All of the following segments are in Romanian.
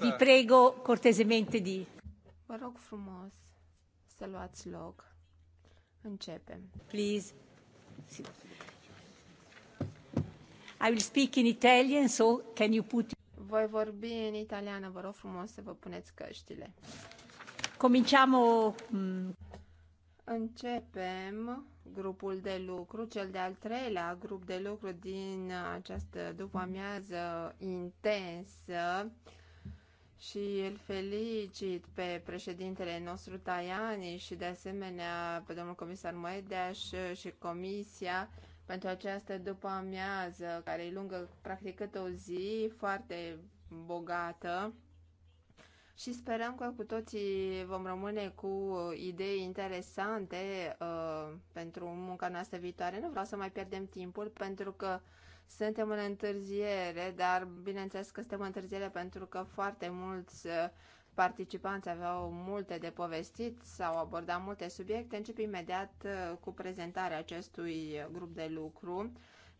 Vi prego cortesemente di... Vă rog frumos să luați loc. Începem. Please. I will speak in Italian, so can you put... Voi vorbi în italiană, vă rog frumos să vă puneți căștile. Cominciamo... Mm. Începem grupul de lucru, cel de-al treilea grup de lucru din această după-amiază intensă și îl felicit pe președintele nostru Tajani și de asemenea pe domnul comisar Moedeaș și comisia pentru această după amiază care e lungă practic cât o zi foarte bogată și sperăm că cu toții vom rămâne cu idei interesante uh, pentru munca noastră viitoare. Nu vreau să mai pierdem timpul pentru că suntem în întârziere, dar bineînțeles că suntem în întârziere pentru că foarte mulți uh, participanți aveau multe de povestit, sau abordat multe subiecte. Încep imediat uh, cu prezentarea acestui grup de lucru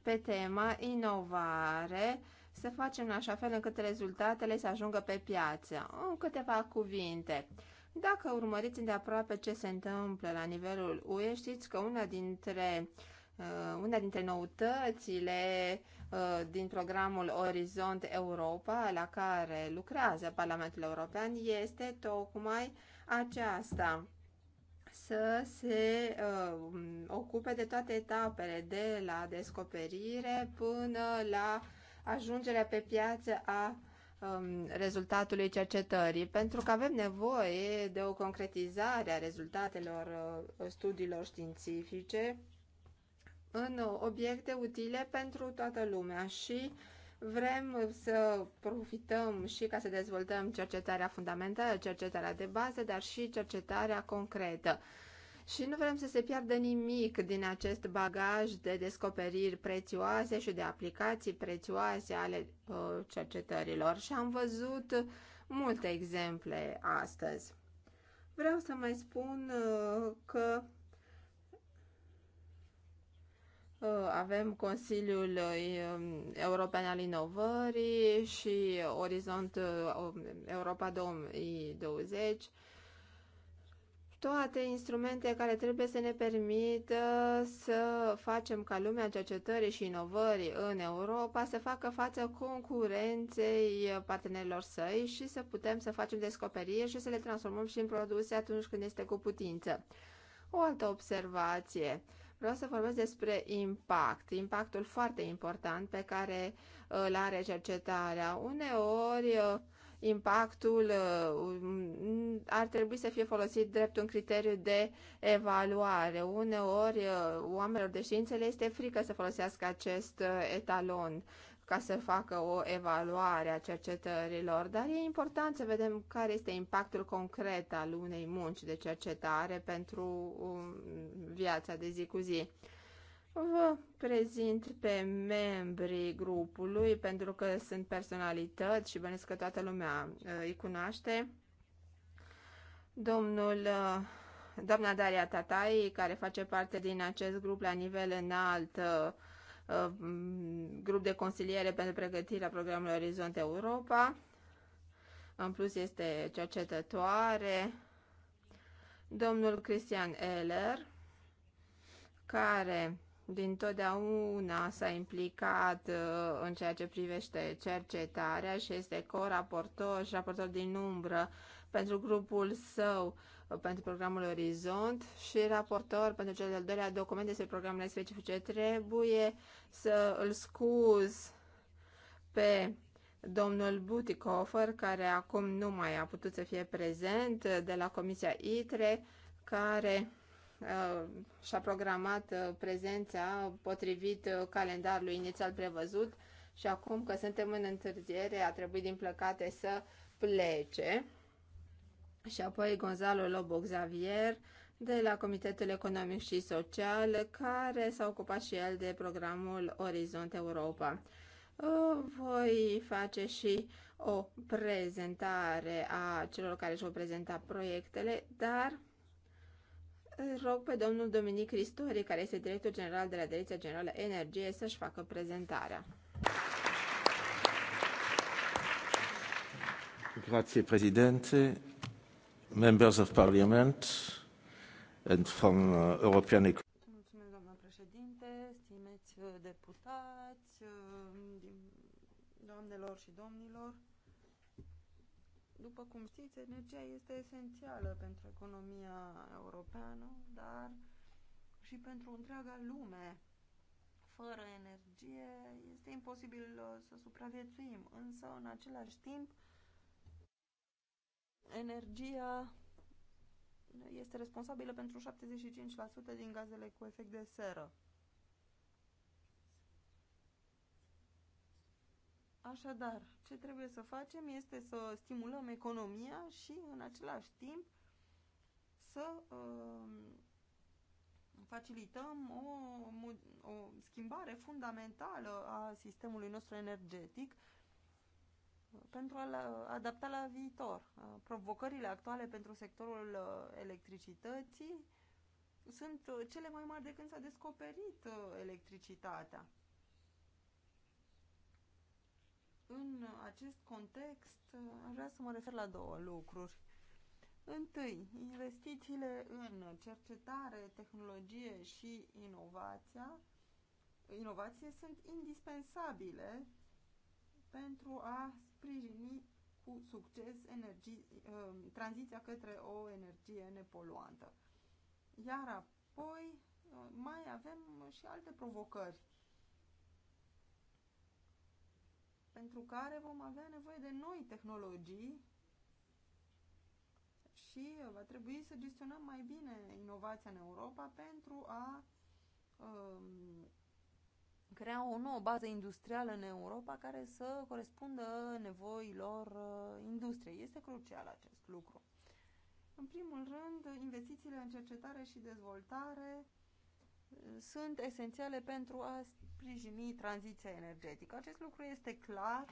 pe tema inovare, să facem în așa fel încât rezultatele să ajungă pe piață. În câteva cuvinte. Dacă urmăriți îndeaproape ce se întâmplă la nivelul UE, știți că una dintre uh, Uh, una dintre noutățile uh, din programul Orizont Europa, la care lucrează Parlamentul European, este tocmai aceasta să se uh, ocupe de toate etapele, de la descoperire până la ajungerea pe piață a um, rezultatului cercetării, pentru că avem nevoie de o concretizare a rezultatelor uh, studiilor științifice în obiecte utile pentru toată lumea și vrem să profităm și ca să dezvoltăm cercetarea fundamentală, cercetarea de bază, dar și cercetarea concretă. Și nu vrem să se piardă nimic din acest bagaj de descoperiri prețioase și de aplicații prețioase ale uh, cercetărilor. Și am văzut multe exemple astăzi. Vreau să mai spun uh, că Uh, avem Consiliul uh, um, European al Inovării și Orizont uh, um, Europa 2020, toate instrumente care trebuie să ne permită să facem ca lumea cercetării și inovării în Europa să facă față concurenței partenerilor săi și să putem să facem descoperiri și să le transformăm și în produse atunci când este cu putință. O altă observație. Vreau să vorbesc despre impact, impactul foarte important pe care îl uh, are cercetarea. Uneori, uh, impactul uh, ar trebui să fie folosit drept un criteriu de evaluare. Uneori, oamenilor de știință le este frică să folosească acest etalon ca să facă o evaluare a cercetărilor, dar e important să vedem care este impactul concret al unei munci de cercetare pentru um, viața de zi cu zi. Vă prezint pe membrii grupului pentru că sunt personalități și bănesc că toată lumea uh, îi cunoaște. Domnul, uh, doamna Daria Tatai, care face parte din acest grup la nivel înalt, uh, Uh, grup de consiliere pentru pregătirea programului Orizont Europa. În plus este cercetătoare, domnul Cristian Eller, care din totdeauna s-a implicat uh, în ceea ce privește cercetarea și este co-raportor și raportor din umbră pentru grupul său pentru programul Orizont și raportor pentru cel de-al doilea document despre programele specifice. Trebuie să îl scuz pe domnul Butikofer, care acum nu mai a putut să fie prezent, de la Comisia ITRE, care uh, și-a programat uh, prezența potrivit uh, calendarului inițial prevăzut și acum că suntem în întârziere a trebuit din plăcate să plece și apoi Gonzalo Lobo Xavier de la Comitetul Economic și Social, care s-a ocupat și el de programul Orizont Europa. Voi face și o prezentare a celor care își vor prezenta proiectele, dar rog pe domnul Dominic Cristori, care este director general de la Direcția Generală Energie, să-și facă prezentarea. Grazie, președinte members of parliament and from uh, European Mulțumesc, doamna președinte, stimeți uh, deputați, uh, doamnelor și domnilor. După cum știți, energia este esențială pentru economia europeană, dar și pentru întreaga lume. Fără energie este imposibil uh, să supraviețuim, însă în același timp energia este responsabilă pentru 75% din gazele cu efect de seră. Așadar, ce trebuie să facem este să stimulăm economia și, în același timp, să uh, facilităm o, o schimbare fundamentală a sistemului nostru energetic pentru a adapta la viitor. Uh, provocările actuale pentru sectorul uh, electricității sunt uh, cele mai mari de când s-a descoperit electricitatea. În acest context, aș vrea să mă refer la două lucruri. Întâi, investițiile în cercetare, tehnologie și inovația, inovație sunt indispensabile pentru a sprijini cu succes energie, uh, tranziția către o energie nepoluantă. Iar apoi uh, mai avem și alte provocări pentru care vom avea nevoie de noi tehnologii și va trebui să gestionăm mai bine inovația în Europa pentru a um, crea o nouă bază industrială în Europa care să corespundă nevoilor uh, industriei. Este crucial acest lucru. În primul rând, investițiile în cercetare și dezvoltare uh, sunt esențiale pentru a sprijini tranziția energetică. Acest lucru este clar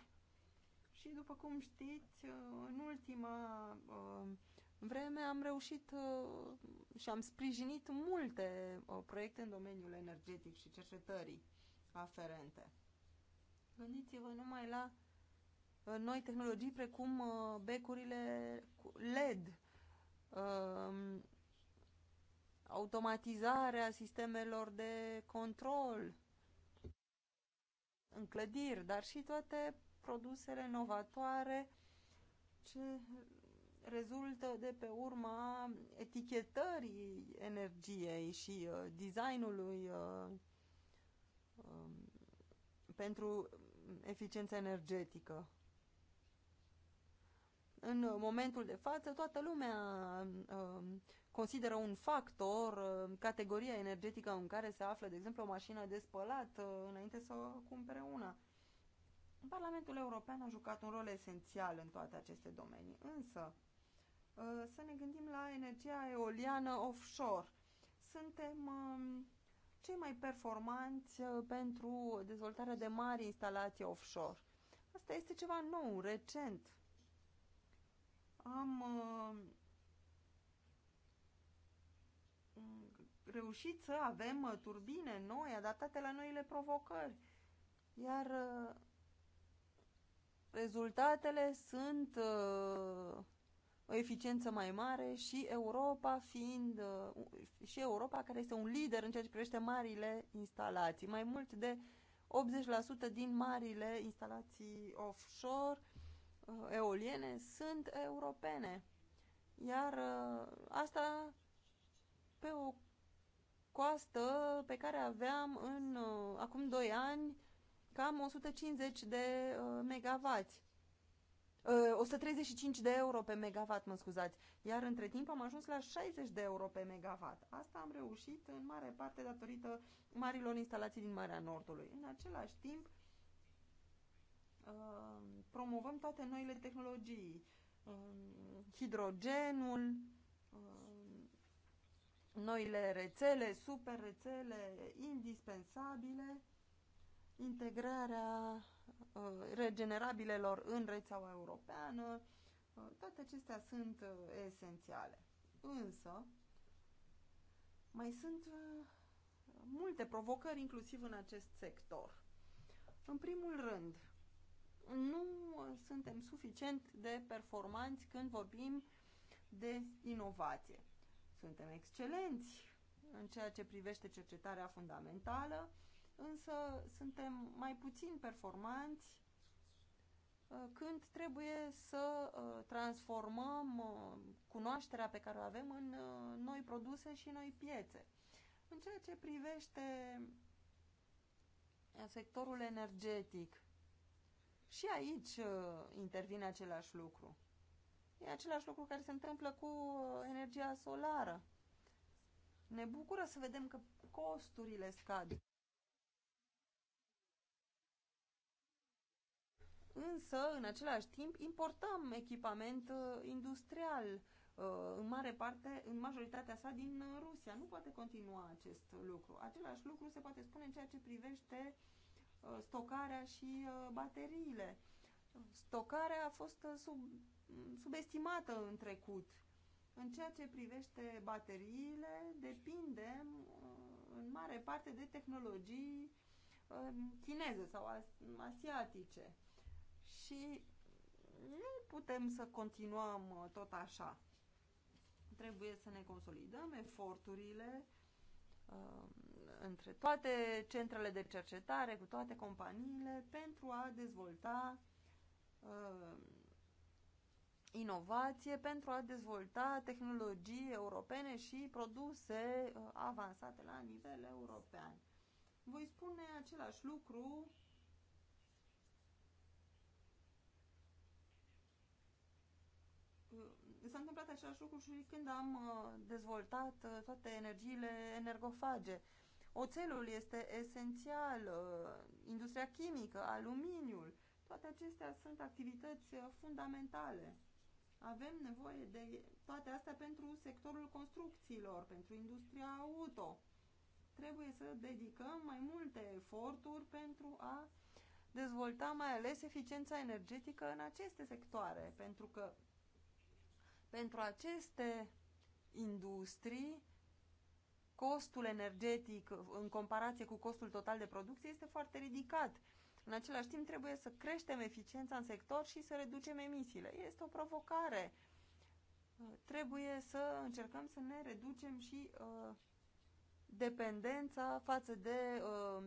și, după cum știți, uh, în ultima vreme am reușit și am sprijinit multe proiecte în domeniul energetic și cercetării aferente. Gândiți-vă numai la uh, noi tehnologii precum uh, becurile LED, um, automatizarea sistemelor de control în clădiri, dar și toate produsele novatoare ce rezultă de pe urma etichetării energiei și uh, designului Um, pentru eficiența energetică. În momentul de față, toată lumea um, consideră un factor um, categoria energetică în care se află, de exemplu, o mașină de spălat uh, înainte să o cumpere una. Parlamentul European a jucat un rol esențial în toate aceste domenii, însă uh, să ne gândim la energia eoliană offshore. Suntem cei mai performanți uh, pentru dezvoltarea de mari instalații offshore. Asta este ceva nou, recent. Am uh, reușit să avem uh, turbine noi, adaptate la noile provocări. Iar uh, rezultatele sunt uh, o eficiență mai mare și Europa fiind uh, și Europa care este un lider în ceea ce privește marile instalații. Mai mult de 80% din marile instalații offshore uh, eoliene sunt europene. Iar uh, asta pe o coastă pe care aveam în acum 2 ani cam 150 de megavați. 135 uh, de euro pe megawatt, mă scuzați. Iar între timp am ajuns la 60 de euro pe megawatt. Asta am reușit în mare parte datorită marilor instalații din Marea Nordului. În același timp, uh, promovăm toate noile tehnologii. Um, hidrogenul, um, noile rețele, super rețele indispensabile, integrarea Uh, regenerabilelor în rețeaua europeană. Uh, toate acestea sunt uh, esențiale. Însă, mai sunt multe provocări, inclusiv în acest sector. În primul rând, nu suntem suficient de performanți când vorbim de inovație. Suntem excelenți în ceea ce privește cercetarea fundamentală, însă suntem mai puțin performanți uh, când trebuie să uh, transformăm uh, cunoașterea pe care o avem în noi produse și noi piețe. În ceea ce privește sectorul energetic, și aici intervine același lucru. E același lucru care se întâmplă cu energia solară. Ne bucură să vedem că costurile scad. însă, în același timp, importăm echipament uh, industrial uh, în mare parte, în majoritatea sa din uh, Rusia. Nu poate continua acest lucru. Același lucru se poate spune în ceea ce privește stocarea și bateriile. Stocarea a fost sub, mm, subestimată în trecut. În ceea ce privește bateriile, depindem în mare parte de tehnologii chineze sau asiatice și nu putem să continuăm uh, tot așa. Trebuie să ne consolidăm eforturile uh, între toate centrele de cercetare, cu toate companiile, pentru a dezvolta uh, inovație, pentru a dezvolta tehnologii europene și produse uh, avansate la nivel european. Voi spune același lucru s-a întâmplat același lucru și când am uh, dezvoltat uh, toate energiile energofage. Oțelul este esențial, uh, industria chimică, aluminiul, toate acestea sunt activități fundamentale. Avem nevoie de toate astea pentru sectorul construcțiilor, pentru industria auto. Trebuie să dedicăm mai multe eforturi pentru a dezvolta mai ales eficiența energetică în aceste sectoare, pentru că pentru aceste industrii, costul energetic în comparație cu costul total de producție este foarte ridicat. În același timp, trebuie să creștem eficiența în sector și să reducem emisiile. Este o provocare. Trebuie să încercăm să ne reducem și uh, dependența față de uh,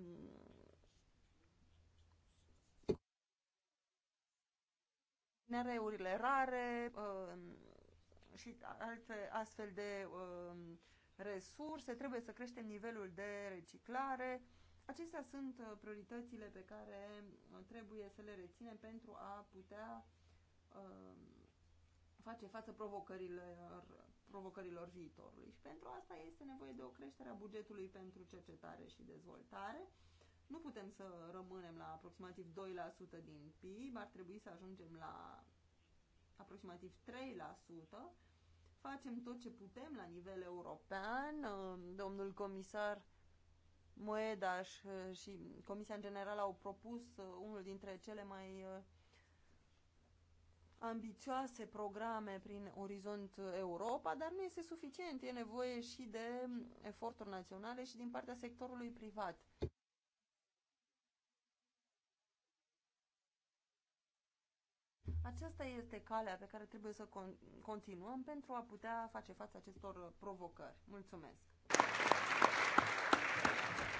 nereurile rare, uh, și alte astfel de uh, resurse, trebuie să creștem nivelul de reciclare. Acestea sunt uh, prioritățile pe care uh, trebuie să le reținem pentru a putea um, face față provocărilor, provocărilor viitorului. Și pentru asta este nevoie de o creștere a bugetului pentru cercetare și dezvoltare. Nu putem să rămânem la aproximativ 2% din PIB, ar trebui să ajungem la aproximativ 3%, Facem tot ce putem la nivel european. Domnul comisar Moeda uh, și Comisia în general au propus uh, unul dintre cele mai uh, ambițioase programe prin Orizont Europa, dar nu este suficient. E nevoie și de eforturi naționale și din partea sectorului privat. aceasta este calea pe care trebuie să con- continuăm pentru a putea face față acestor provocări. Mulțumesc!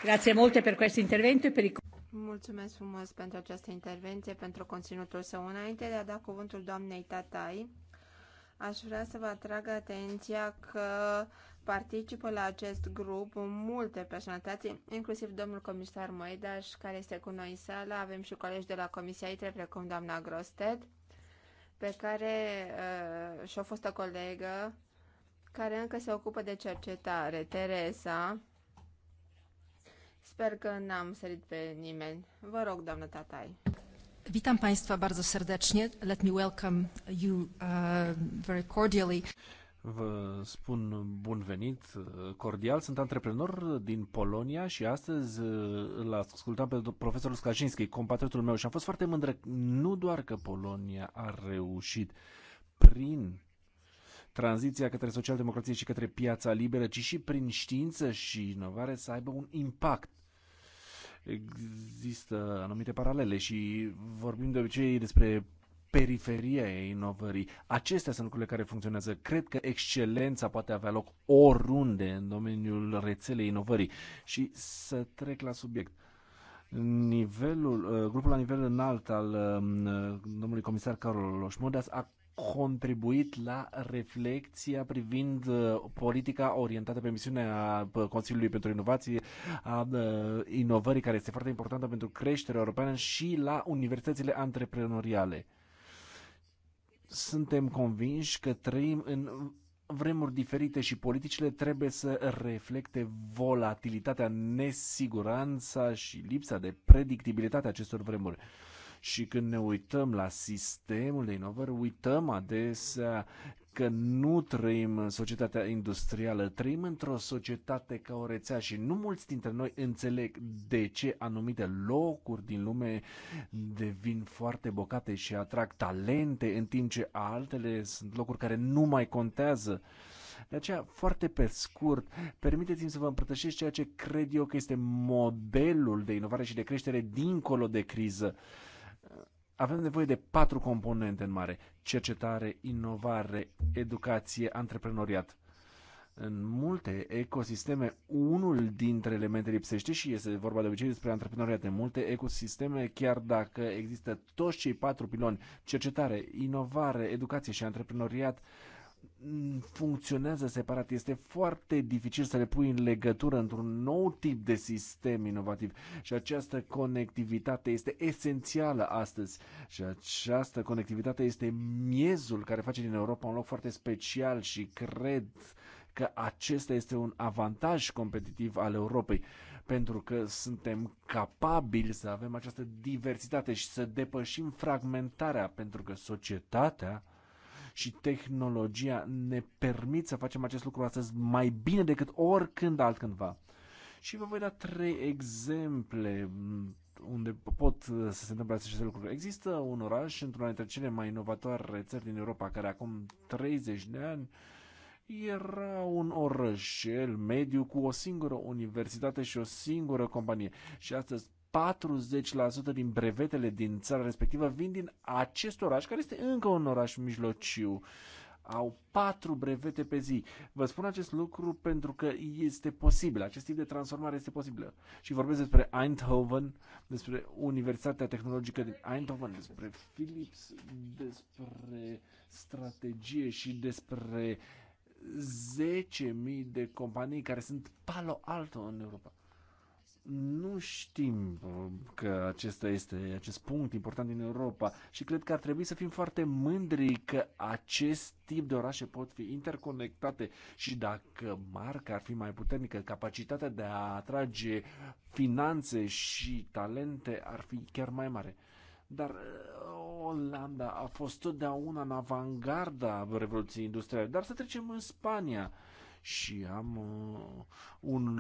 Grazie multe per questo intervento e per i... Mulțumesc frumos pentru această intervenție, pentru conținutul său. Înainte de a da cuvântul doamnei Tatai, aș vrea să vă atrag atenția că participă la acest grup multe personalități, inclusiv domnul comisar Moedaș, care este cu noi în sală. Avem și colegi de la Comisia ITRE, precum doamna Grosted pe care uh, și-o colegă care încă se ocupă de cercetare, Teresa. Sper că n-am sărit pe nimeni. Vă rog, doamnă Tatai. Witam Państwa bardzo serdecznie. Let me welcome you uh, very cordially. Vă spun bun venit, cordial. Sunt antreprenor din Polonia și astăzi uh, îl ascultam pe profesorul Skajinski, compatriotul meu, și am fost foarte mândră nu doar că Polonia a reușit prin tranziția către socialdemocrație și către piața liberă, ci și prin știință și inovare să aibă un impact există anumite paralele și vorbim de obicei despre periferia inovării. Acestea sunt lucrurile care funcționează. Cred că excelența poate avea loc oriunde în domeniul rețelei inovării. Și să trec la subiect nivelul, uh, grupul la nivel înalt al um, uh, domnului comisar Carol Loșmodas a contribuit la reflexia privind uh, politica orientată pe misiunea Consiliului pentru Inovație, a inovării care este foarte importantă pentru creșterea europeană și la universitățile antreprenoriale suntem convinși că trăim în vremuri diferite și politicile trebuie să reflecte volatilitatea, nesiguranța și lipsa de predictibilitate a acestor vremuri. Și când ne uităm la sistemul de inovări, uităm adesea că nu trăim în societatea industrială, trăim într-o societate ca o rețea și nu mulți dintre noi înțeleg de ce anumite locuri din lume devin foarte bocate și atrag talente, în timp ce altele sunt locuri care nu mai contează. De aceea, foarte pe scurt, permiteți-mi să vă împărtășesc ceea ce cred eu că este modelul de inovare și de creștere dincolo de criză. Uh, avem nevoie de patru componente în mare. Cercetare, inovare, educație, antreprenoriat. În multe ecosisteme, unul dintre elemente lipsește și este vorba de obicei despre antreprenoriat. În multe ecosisteme, chiar dacă există toți cei patru piloni, cercetare, inovare, educație și antreprenoriat, uh, funcționează separat. Este foarte dificil să le pui în legătură într-un nou tip de sistem inovativ și această conectivitate este esențială astăzi și această conectivitate este miezul care face din Europa un loc foarte special și cred că acesta este un avantaj competitiv al Europei pentru că suntem capabili să avem această diversitate și să depășim fragmentarea pentru că societatea și tehnologia ne permit să facem acest lucru astăzi mai bine decât oricând altcândva. Și vă voi da trei exemple mm, unde pot uh, să se întâmple aceste lucruri. Există un oraș într-una dintre cele mai inovatoare țări din Europa, care acum 30 de ani era un orășel mediu cu o singură universitate și o singură companie. Și astăzi 40% din brevetele din țara respectivă vin din acest oraș, care este încă un oraș mijlociu. Au patru brevete pe zi. Vă spun acest lucru pentru că este posibil. Acest tip de transformare este posibilă. Și vorbesc despre Eindhoven, despre Universitatea Tehnologică din Eindhoven, despre Philips, despre strategie și despre 10.000 de companii care sunt palo alto în Europa nu știm uh, că acesta este acest punct important din Europa și cred că ar trebui să fim foarte mândri că acest tip de orașe pot fi interconectate și dacă marca ar fi mai puternică, capacitatea de a atrage finanțe și talente ar fi chiar mai mare dar uh, Olanda a fost totdeauna în avangarda Revoluției Industriale. Dar să trecem în Spania și am uh, un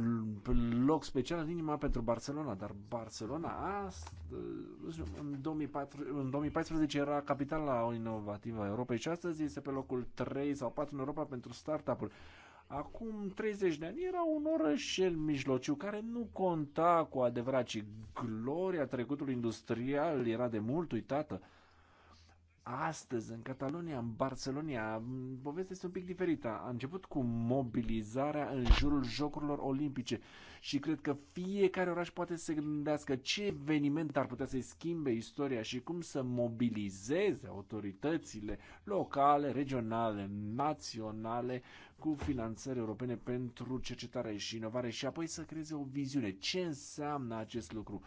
loc special în inima pentru Barcelona, dar Barcelona astăzi, în, 2004, în 2014 era capitala inovativă a Europei și astăzi este pe locul 3 sau 4 în Europa pentru startup-uri. Acum 30 de ani era un orășel mijlociu care nu conta cu adevărat, ci gloria trecutului industrial era de mult uitată astăzi în Catalonia, în Barcelonia, povestea este un pic diferită. A început cu mobilizarea în jurul Jocurilor Olimpice și cred că fiecare oraș poate să se gândească ce eveniment ar putea să-i schimbe istoria și cum să mobilizeze autoritățile locale, regionale, naționale cu finanțări europene pentru cercetare și inovare și apoi să creeze o viziune. Ce înseamnă acest lucru?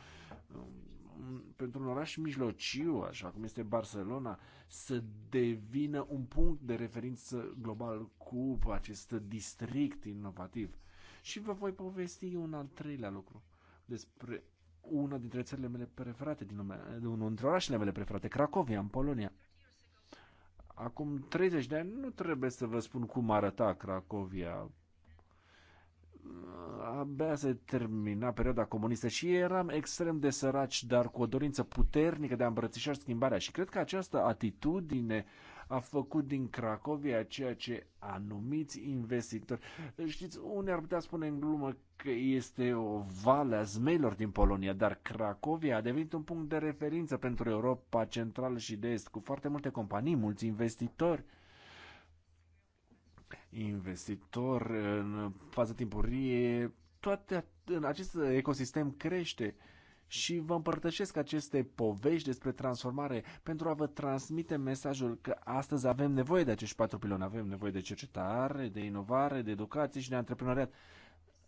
pentru un oraș mijlociu, așa cum este Barcelona, să devină un punct de referință global cu acest district inovativ. Și vă voi povesti un al treilea lucru despre una dintre țările mele preferate din lume, unul dintre orașele mele preferate, Cracovia, în Polonia. Acum 30 de ani nu trebuie să vă spun cum arăta Cracovia abia se termina perioada comunistă și eram extrem de săraci, dar cu o dorință puternică de a îmbrățișa schimbarea. Și cred că această atitudine a făcut din Cracovia ceea ce anumiți investitori. Știți, unii ar putea spune în glumă că este o vale a zmeilor din Polonia, dar Cracovia a devenit un punct de referință pentru Europa Centrală și de Est, cu foarte multe companii, mulți investitori investitor în fază timpurie toate, în acest ecosistem crește și vă împărtășesc aceste povești despre transformare pentru a vă transmite mesajul că astăzi avem nevoie de acești patru piloni, avem nevoie de cercetare, de inovare, de educație și de antreprenoriat,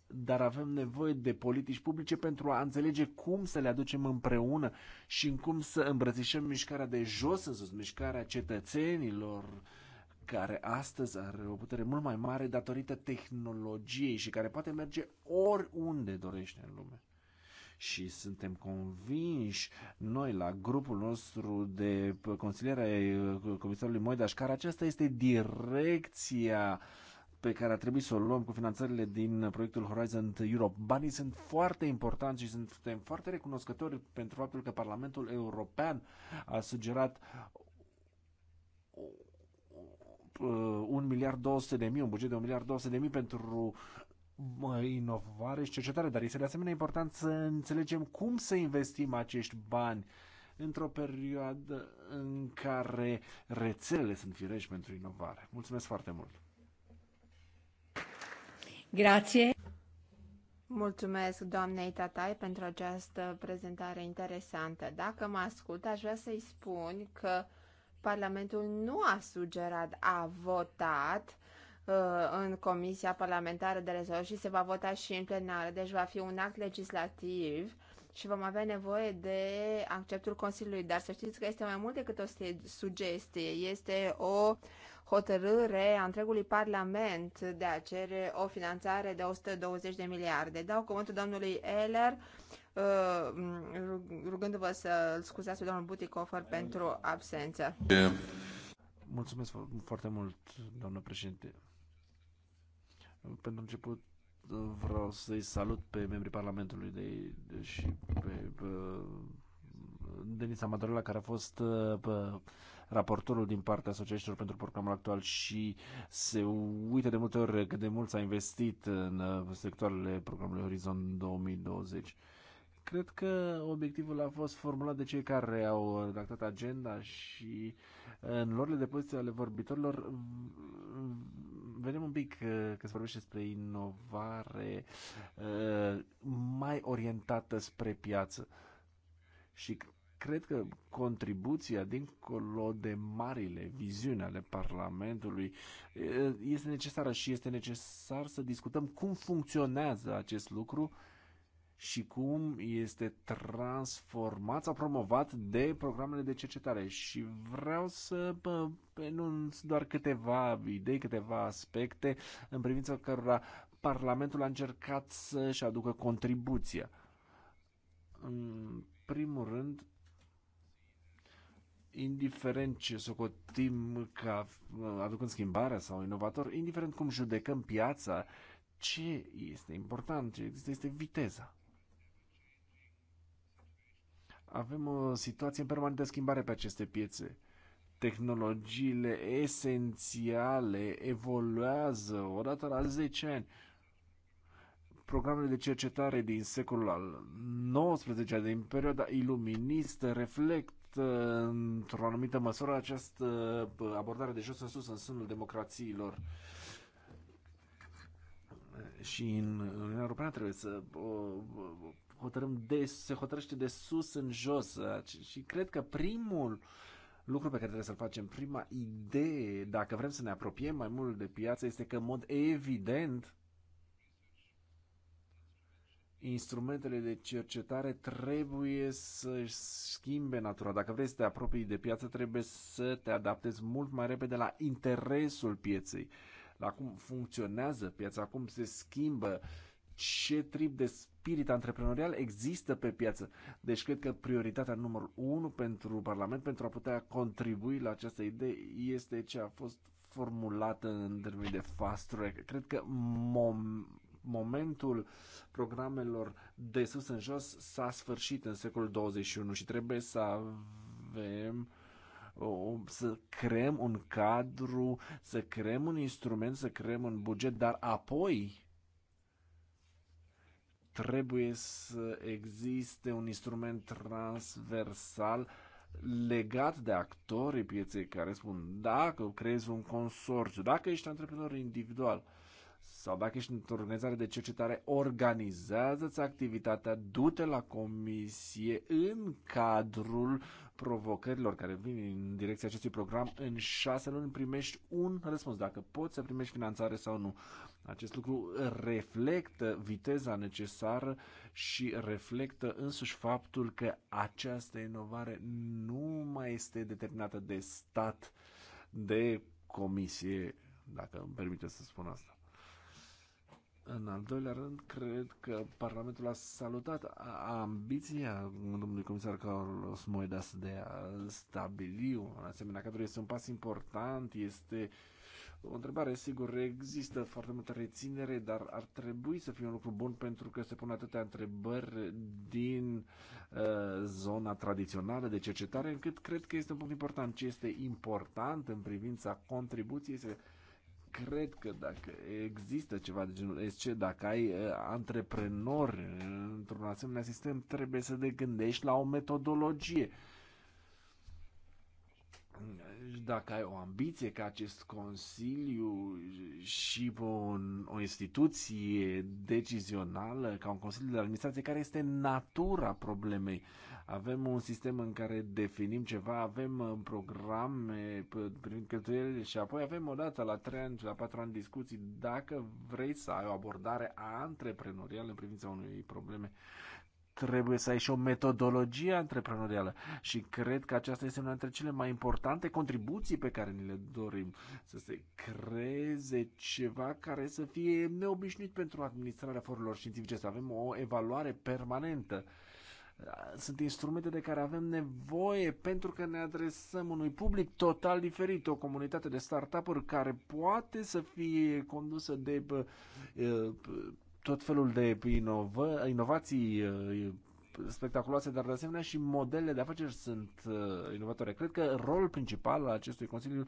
dar avem nevoie de politici publice pentru a înțelege cum să le aducem împreună și în cum să îmbrățișăm mișcarea de jos în sus, mișcarea cetățenilor, uh, care astăzi are o putere mult mai mare datorită tehnologiei și care poate merge oriunde dorește în lume. Și suntem convinși noi la grupul nostru de consiliere ai uh, comisarului Moidaș, care aceasta este direcția pe care ar trebui să o luăm cu finanțările din proiectul Horizon Europe. Banii sunt foarte importanți și suntem foarte recunoscători pentru faptul că Parlamentul European a sugerat 1 uh, miliard 200 de mii, un buget de 1 miliard 200 de mii pentru uh, inovare și cercetare, dar este de asemenea important să înțelegem cum să investim acești bani într-o perioadă în care rețelele sunt firești pentru inovare. Mulțumesc foarte mult! Grație! Mulțumesc doamnei Tatai pentru această prezentare interesantă. Dacă mă ascult, aș vrea să-i spun că Parlamentul nu a sugerat, a votat uh, în Comisia Parlamentară de Rezolvări și se va vota și în plenară, deci va fi un act legislativ și vom avea nevoie de acceptul Consiliului. Dar să știți că este mai mult decât o sugestie, este o hotărâre a întregului Parlament de a cere o finanțare de 120 de miliarde. Dau cuvântul domnului Eller Uh, rugându-vă să scuzați pe domnul Buticofer pentru absență. Mulțumesc foarte mult, doamnă președinte. Pentru început, uh, vreau să-i salut pe membrii Parlamentului de, de, și pe, pe uh, Denisa Madorela, care a fost pe, raportorul din partea asociațiilor pentru programul actual și se uită de multe ori cât de mult s-a investit în sectoarele programului Horizon 2020 Cred că obiectivul a fost formulat de cei care au redactat agenda și în lorile de poziție ale vorbitorilor vedem un pic uh, că se vorbește despre inovare uh, mai orientată spre piață. Și cred că contribuția dincolo de marile viziuni ale Parlamentului uh, este necesară și este necesar să discutăm cum funcționează acest lucru și cum este transformat sau promovat de programele de cercetare. Și vreau să bă, enunț doar câteva idei, câteva aspecte în privința cărora Parlamentul a încercat să-și aducă contribuția. În primul rând, indiferent ce socotim ca aducând schimbarea sau inovator, indiferent cum judecăm piața, ce este important, ce există, este viteza. Avem o situație în permanentă schimbare pe aceste piețe. Tehnologiile esențiale evoluează odată la 10 ani programele de cercetare din secolul al XIX-a, din perioada iluministă, reflectă într-o anumită măsură această abordare de jos în sus în sânul democrațiilor. Și în Uniunea Europeană trebuie să hotărâm de, se hotărăște de sus în jos uh, și cred că primul lucru pe care trebuie să-l facem, prima idee, dacă vrem să ne apropiem mai mult de piață, este că în mod evident instrumentele de cercetare trebuie să schimbe natura. Dacă vrei să te apropii de piață, trebuie să te adaptezi mult mai repede la interesul pieței, la cum funcționează piața, cum se schimbă uh, ce trip de spirit antreprenorial există pe piață. Deci cred că prioritatea numărul 1 pentru Parlament, pentru a putea contribui la această idee, este ce a fost formulată în termeni de fast track. Cred că mom- momentul programelor de sus în jos s-a sfârșit în secolul 21 și trebuie să avem o, să creăm un cadru, să creăm un instrument, să creăm un buget, dar apoi trebuie să existe un instrument transversal legat de actorii pieței care spun dacă creezi un consorțiu, dacă ești antreprenor individual sau dacă ești într-o organizare de cercetare, organizează-ți activitatea, du-te la comisie în cadrul provocărilor care vin în direcția acestui program, în șase luni primești un răspuns, dacă poți să primești finanțare sau nu. Acest lucru reflectă viteza necesară și reflectă însuși faptul că această inovare nu mai este determinată de stat, de comisie, dacă îmi permite să spun asta. În al doilea rând, cred că Parlamentul a salutat ambiția domnului comisar Carlos Moedas de a stabili un asemenea cadru. Este un pas important, este o întrebare, sigur, există foarte multă reținere, dar ar trebui să fie un lucru bun pentru că se pun atâtea întrebări din uh, zona tradițională de cercetare, încât cred că este un punct important. Ce este important în privința contribuției este cred că dacă există ceva de genul SC, dacă ai uh, antreprenori uh, într-un asemenea sistem, trebuie să te gândești la o metodologie dacă ai o ambiție ca acest Consiliu și o, o instituție decizională, ca un Consiliu de Administrație, care este natura problemei? Avem un sistem în care definim ceva, avem uh, programe prin cheltuieli și apoi avem o dată la 3 ani, la 4 ani discuții dacă vrei să ai o abordare antreprenorială în privința unei probleme trebuie să ai și o metodologie antreprenorială și cred că aceasta este una dintre cele mai importante contribuții pe care ni le dorim, să se creeze ceva care să fie neobișnuit pentru administrarea forurilor științifice, să avem o evaluare permanentă. Sunt instrumente de care avem nevoie pentru că ne adresăm unui public total diferit, o comunitate de startup-uri care poate să fie condusă de tot felul de inova- inovații uh, spectaculoase, dar de asemenea și modelele de afaceri sunt uh, inovatoare. Cred că rolul principal al acestui Consiliu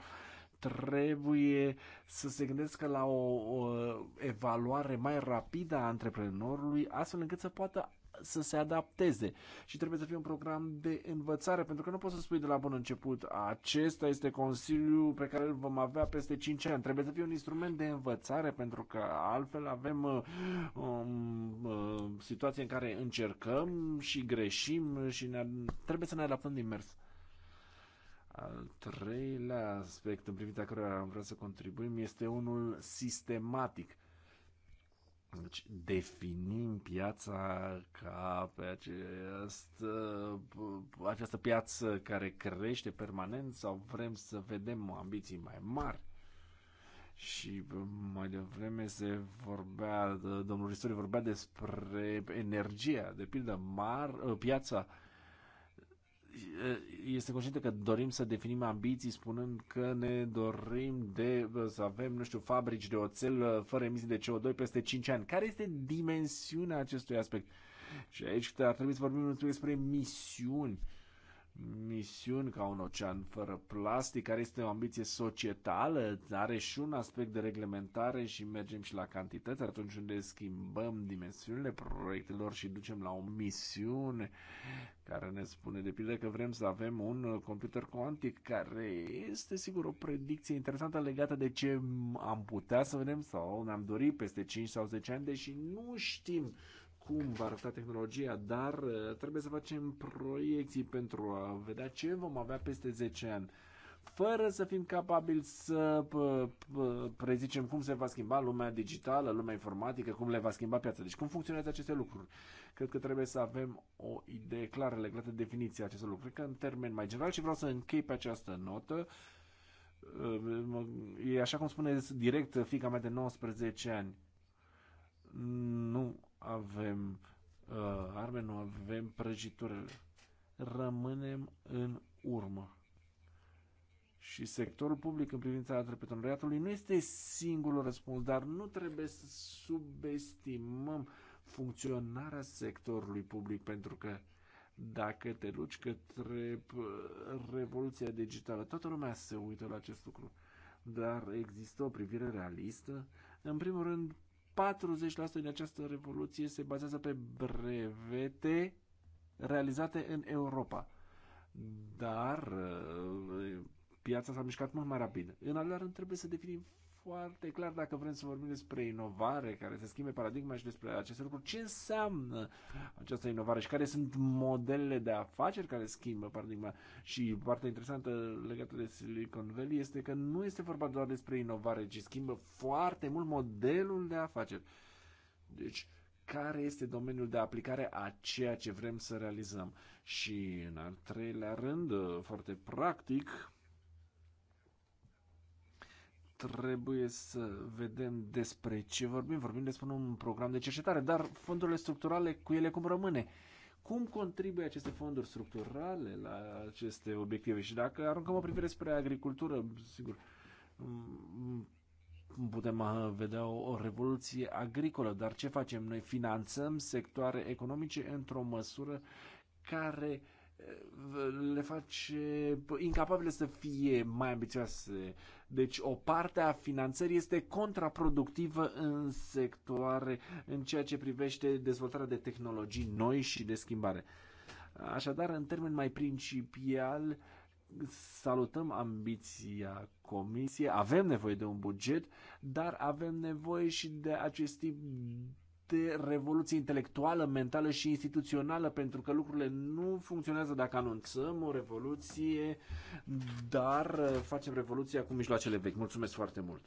trebuie să se gândească la o, o evaluare mai rapidă a antreprenorului, astfel încât să poată să se adapteze și trebuie să fie un program de învățare, pentru că nu poți să spui de la bun început acesta este consiliul pe care îl vom avea peste 5 ani. Trebuie să fie un instrument de învățare, pentru că altfel avem uh, um, um, uh, situație în care încercăm și greșim și ne, trebuie să ne adaptăm din mers. Al treilea aspect în privința căruia am vrea să contribuim este unul sistematic deci definim piața ca pe această, această piață care crește permanent sau vrem să vedem ambiții mai mari? Și mai devreme se vorbea, domnul Ristori vorbea despre energia, de pildă, mar, piața uh, este conștientă că dorim să definim ambiții spunând că ne dorim de să avem, nu știu, fabrici de oțel uh, fără emisii de CO2 peste 5 ani. Care este dimensiunea acestui aspect? Și aici ar trebui să vorbim despre misiuni. Uh, misiuni ca un ocean fără plastic, care este o ambiție societală, are și un aspect de reglementare și mergem și la cantități, atunci unde schimbăm dimensiunile proiectelor și ducem la o misiune care ne spune de pildă că vrem să avem un computer cuantic care este sigur o predicție interesantă legată de ce am putea să vedem sau ne-am dorit peste 5 sau 10 ani, deși nu știm cum va arăta tehnologia, dar uh, trebuie să facem proiecții pentru a vedea ce vom avea peste 10 ani fără să fim capabili să prezicem cum se va schimba lumea digitală, lumea informatică, cum le va schimba piața. Deci cum funcționează aceste lucruri? Cred că trebuie să avem o idee clară legată de definiția acestor lucruri, că în termen mai general și vreau să închei pe această notă. Uh, e așa cum spune direct fica mea de 19 ani. Nu avem uh, arme, nu avem prăjiturile. Rămânem în urmă. Și sectorul public în privința antreprenoriatului nu este singurul răspuns, dar nu trebuie să subestimăm funcționarea sectorului public, pentru că dacă te duci către uh, revoluția digitală, toată lumea se uită la acest lucru. Dar există o privire realistă, în primul rând 40% din această revoluție se bazează pe brevete realizate în Europa. Dar uh, piața s-a mișcat mult mai rapid. În al doilea rând, trebuie să definim foarte clar dacă vrem să vorbim despre inovare care să schimbe paradigma și despre aceste lucruri. Ce înseamnă această inovare și care sunt modelele de afaceri care schimbă paradigma? Și partea interesantă legată de Silicon Valley este că nu este vorba doar despre inovare, ci schimbă foarte mult modelul de afaceri. Deci, care este domeniul de aplicare a ceea ce vrem să realizăm. Și în al treilea rând, foarte practic, trebuie să vedem despre ce vorbim. Vorbim despre un program de cercetare, dar fondurile structurale cu ele cum rămâne? Cum contribuie aceste fonduri structurale la aceste obiective? Și dacă aruncăm o privire spre agricultură, sigur, putem vedea o, o revoluție agricolă, dar ce facem? Noi finanțăm sectoare economice într-o măsură care uh, le face incapabile să fie mai ambițioase. Deci o parte a finanțării este contraproductivă în sectoare în ceea ce privește dezvoltarea de tehnologii noi și de schimbare. Așadar, în termen mai principial, salutăm ambiția comisiei, avem nevoie de un buget, dar avem nevoie și de acest tip de revoluție intelectuală, mentală și instituțională, pentru că lucrurile nu funcționează dacă anunțăm o revoluție, dar uh, facem revoluția cu mijloacele vechi. Mulțumesc foarte mult!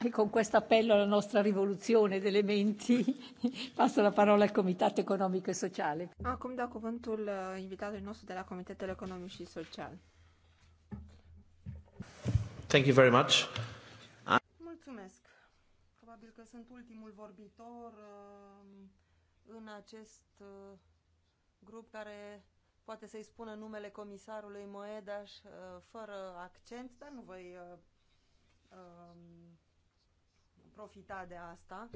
E con questo appello alla nostra rivoluzione delle menti passo la parola al Comitato Economico e Sociale. come da cuvântul uh, invitato nostru de la Comitetul Economic și Social. Thank you very much probabil că sunt ultimul vorbitor uh, în acest uh, grup care poate să-i spună numele comisarului Moedaș uh, fără accent, dar nu voi um, profita de asta.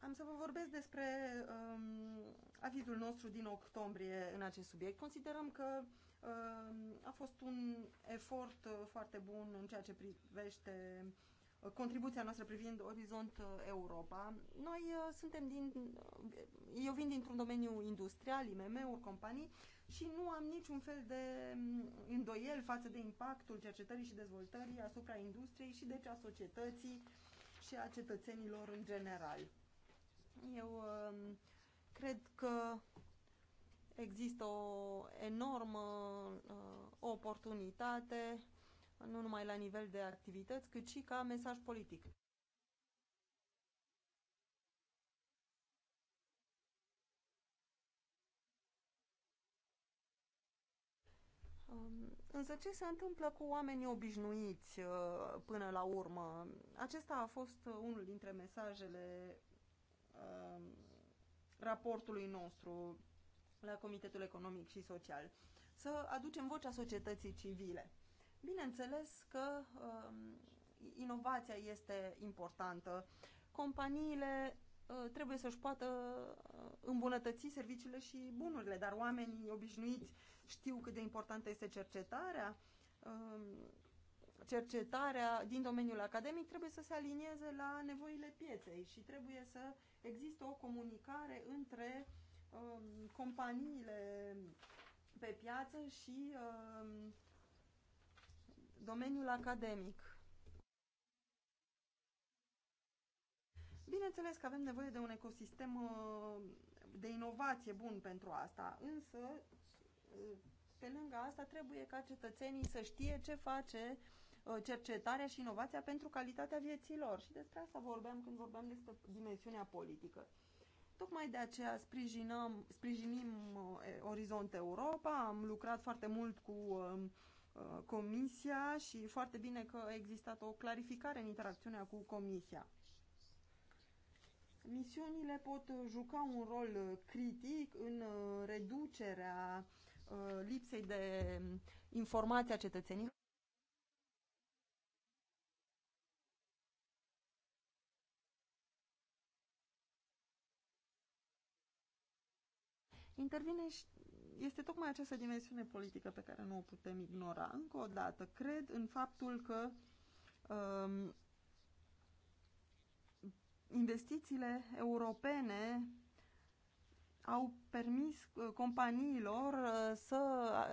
Am să vă vorbesc despre um, avizul nostru din octombrie în acest subiect. Considerăm că uh, a fost un efort uh, foarte bun în ceea ce privește uh, contribuția noastră privind Orizont Europa. Noi suntem din... Eu vin dintr-un domeniu industrial, IMM-uri, companii și nu am niciun fel de mm, îndoiel față de impactul cercetării și dezvoltării asupra industriei și deci a societății și a cetățenilor în general. Eu Cred că există o enormă uh, oportunitate, nu numai la nivel de activități, cât și ca mesaj politic. Um, însă ce se întâmplă cu oamenii obișnuiți uh, până la urmă? Acesta a fost unul dintre mesajele um, raportului nostru la Comitetul Economic și Social, să aducem vocea societății civile. Bineînțeles că uh, inovația este importantă. Companiile uh, trebuie să-și poată uh, îmbunătăți serviciile și bunurile, dar oamenii obișnuiți știu cât de importantă este cercetarea. Uh, cercetarea din domeniul academic trebuie să se alinieze la nevoile pieței și trebuie să există o comunicare între um, companiile pe piață și um, domeniul academic. Bineînțeles că avem nevoie de un ecosistem uh, de inovație bun pentru asta, însă uh, pe lângă asta trebuie ca cetățenii să știe ce face Uh, cercetarea și inovația pentru calitatea vieții lor. Și despre asta vorbeam când vorbeam despre dimensiunea politică. Tocmai de aceea sprijinăm, sprijinim uh, Orizont Europa, am lucrat foarte mult cu um, uh, Comisia și foarte bine că a existat o clarificare în interacțiunea cu Comisia. Misiunile pot juca un rol critic în reducerea lipsei de um, informație a cetățenilor intervine și este tocmai această dimensiune politică pe care nu o putem ignora. Încă o dată, cred în faptul că um, investițiile europene au permis uh, companiilor uh, să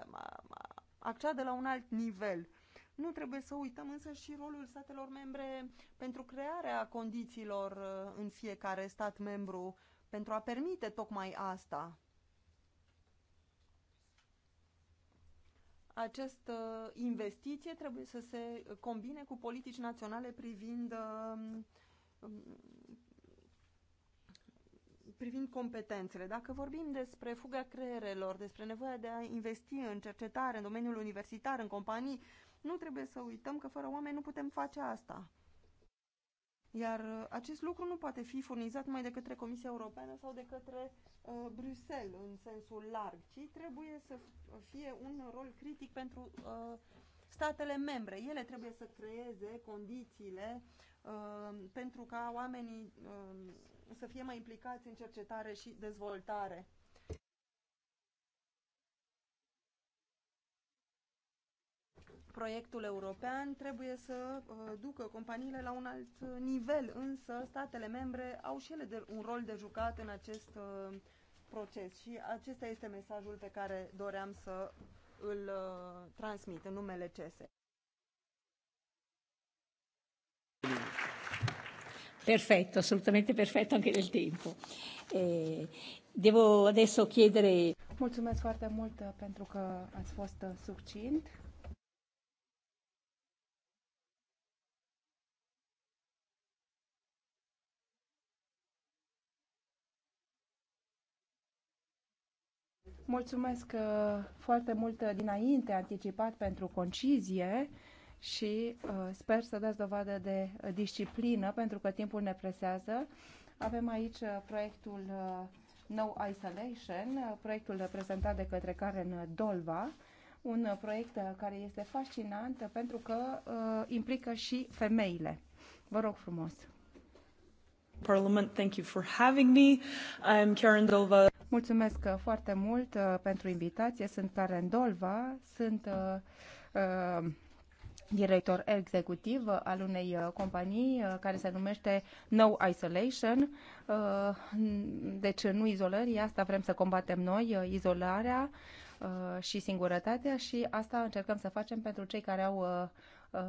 uh, acceadă la un alt nivel. Nu trebuie să uităm însă și rolul statelor membre pentru crearea condițiilor în fiecare stat membru pentru a permite tocmai asta. această investiție trebuie să se combine cu politici naționale privind um, um, privind competențele. Dacă vorbim despre fuga creierelor, despre nevoia de a investi în cercetare, în domeniul universitar, în companii, nu trebuie să uităm că fără oameni nu putem face asta. Iar uh, acest lucru nu poate fi furnizat mai de către Comisia Europeană sau de către uh, Bruxelles în sensul larg, ci trebuie să fie un rol critic pentru uh, statele membre. Ele trebuie să creeze condițiile uh, pentru ca oamenii uh, să fie mai implicați în cercetare și dezvoltare. proiectul european trebuie să uh, ducă companiile la un alt uh, nivel, însă statele membre au și ele de, un rol de jucat în acest uh, proces și acesta este mesajul pe care doream să îl transmit în numele CESE. Perfetto, assolutamente perfetto anche del tempo. Eh, devo adesso chiedere... Mulțumesc foarte mult pentru că ați fost succint. Mulțumesc uh, foarte mult uh, dinainte, anticipat, pentru concizie și uh, sper să dați dovadă de disciplină, pentru că timpul ne presează. Avem aici proiectul No Isolation, proiectul prezentat de către Karen Dolva, un proiect care este fascinant pentru că implică și femeile. Vă rog frumos! Parliament, thank you for having me. I'm Karen Dolva. Mulțumesc uh, foarte mult uh, pentru invitație. Sunt Karen Dolva, sunt uh, director executiv al unei companii care se numește No Isolation. Deci nu izolării, asta vrem să combatem noi, izolarea și singurătatea și asta încercăm să facem pentru cei care au Uh,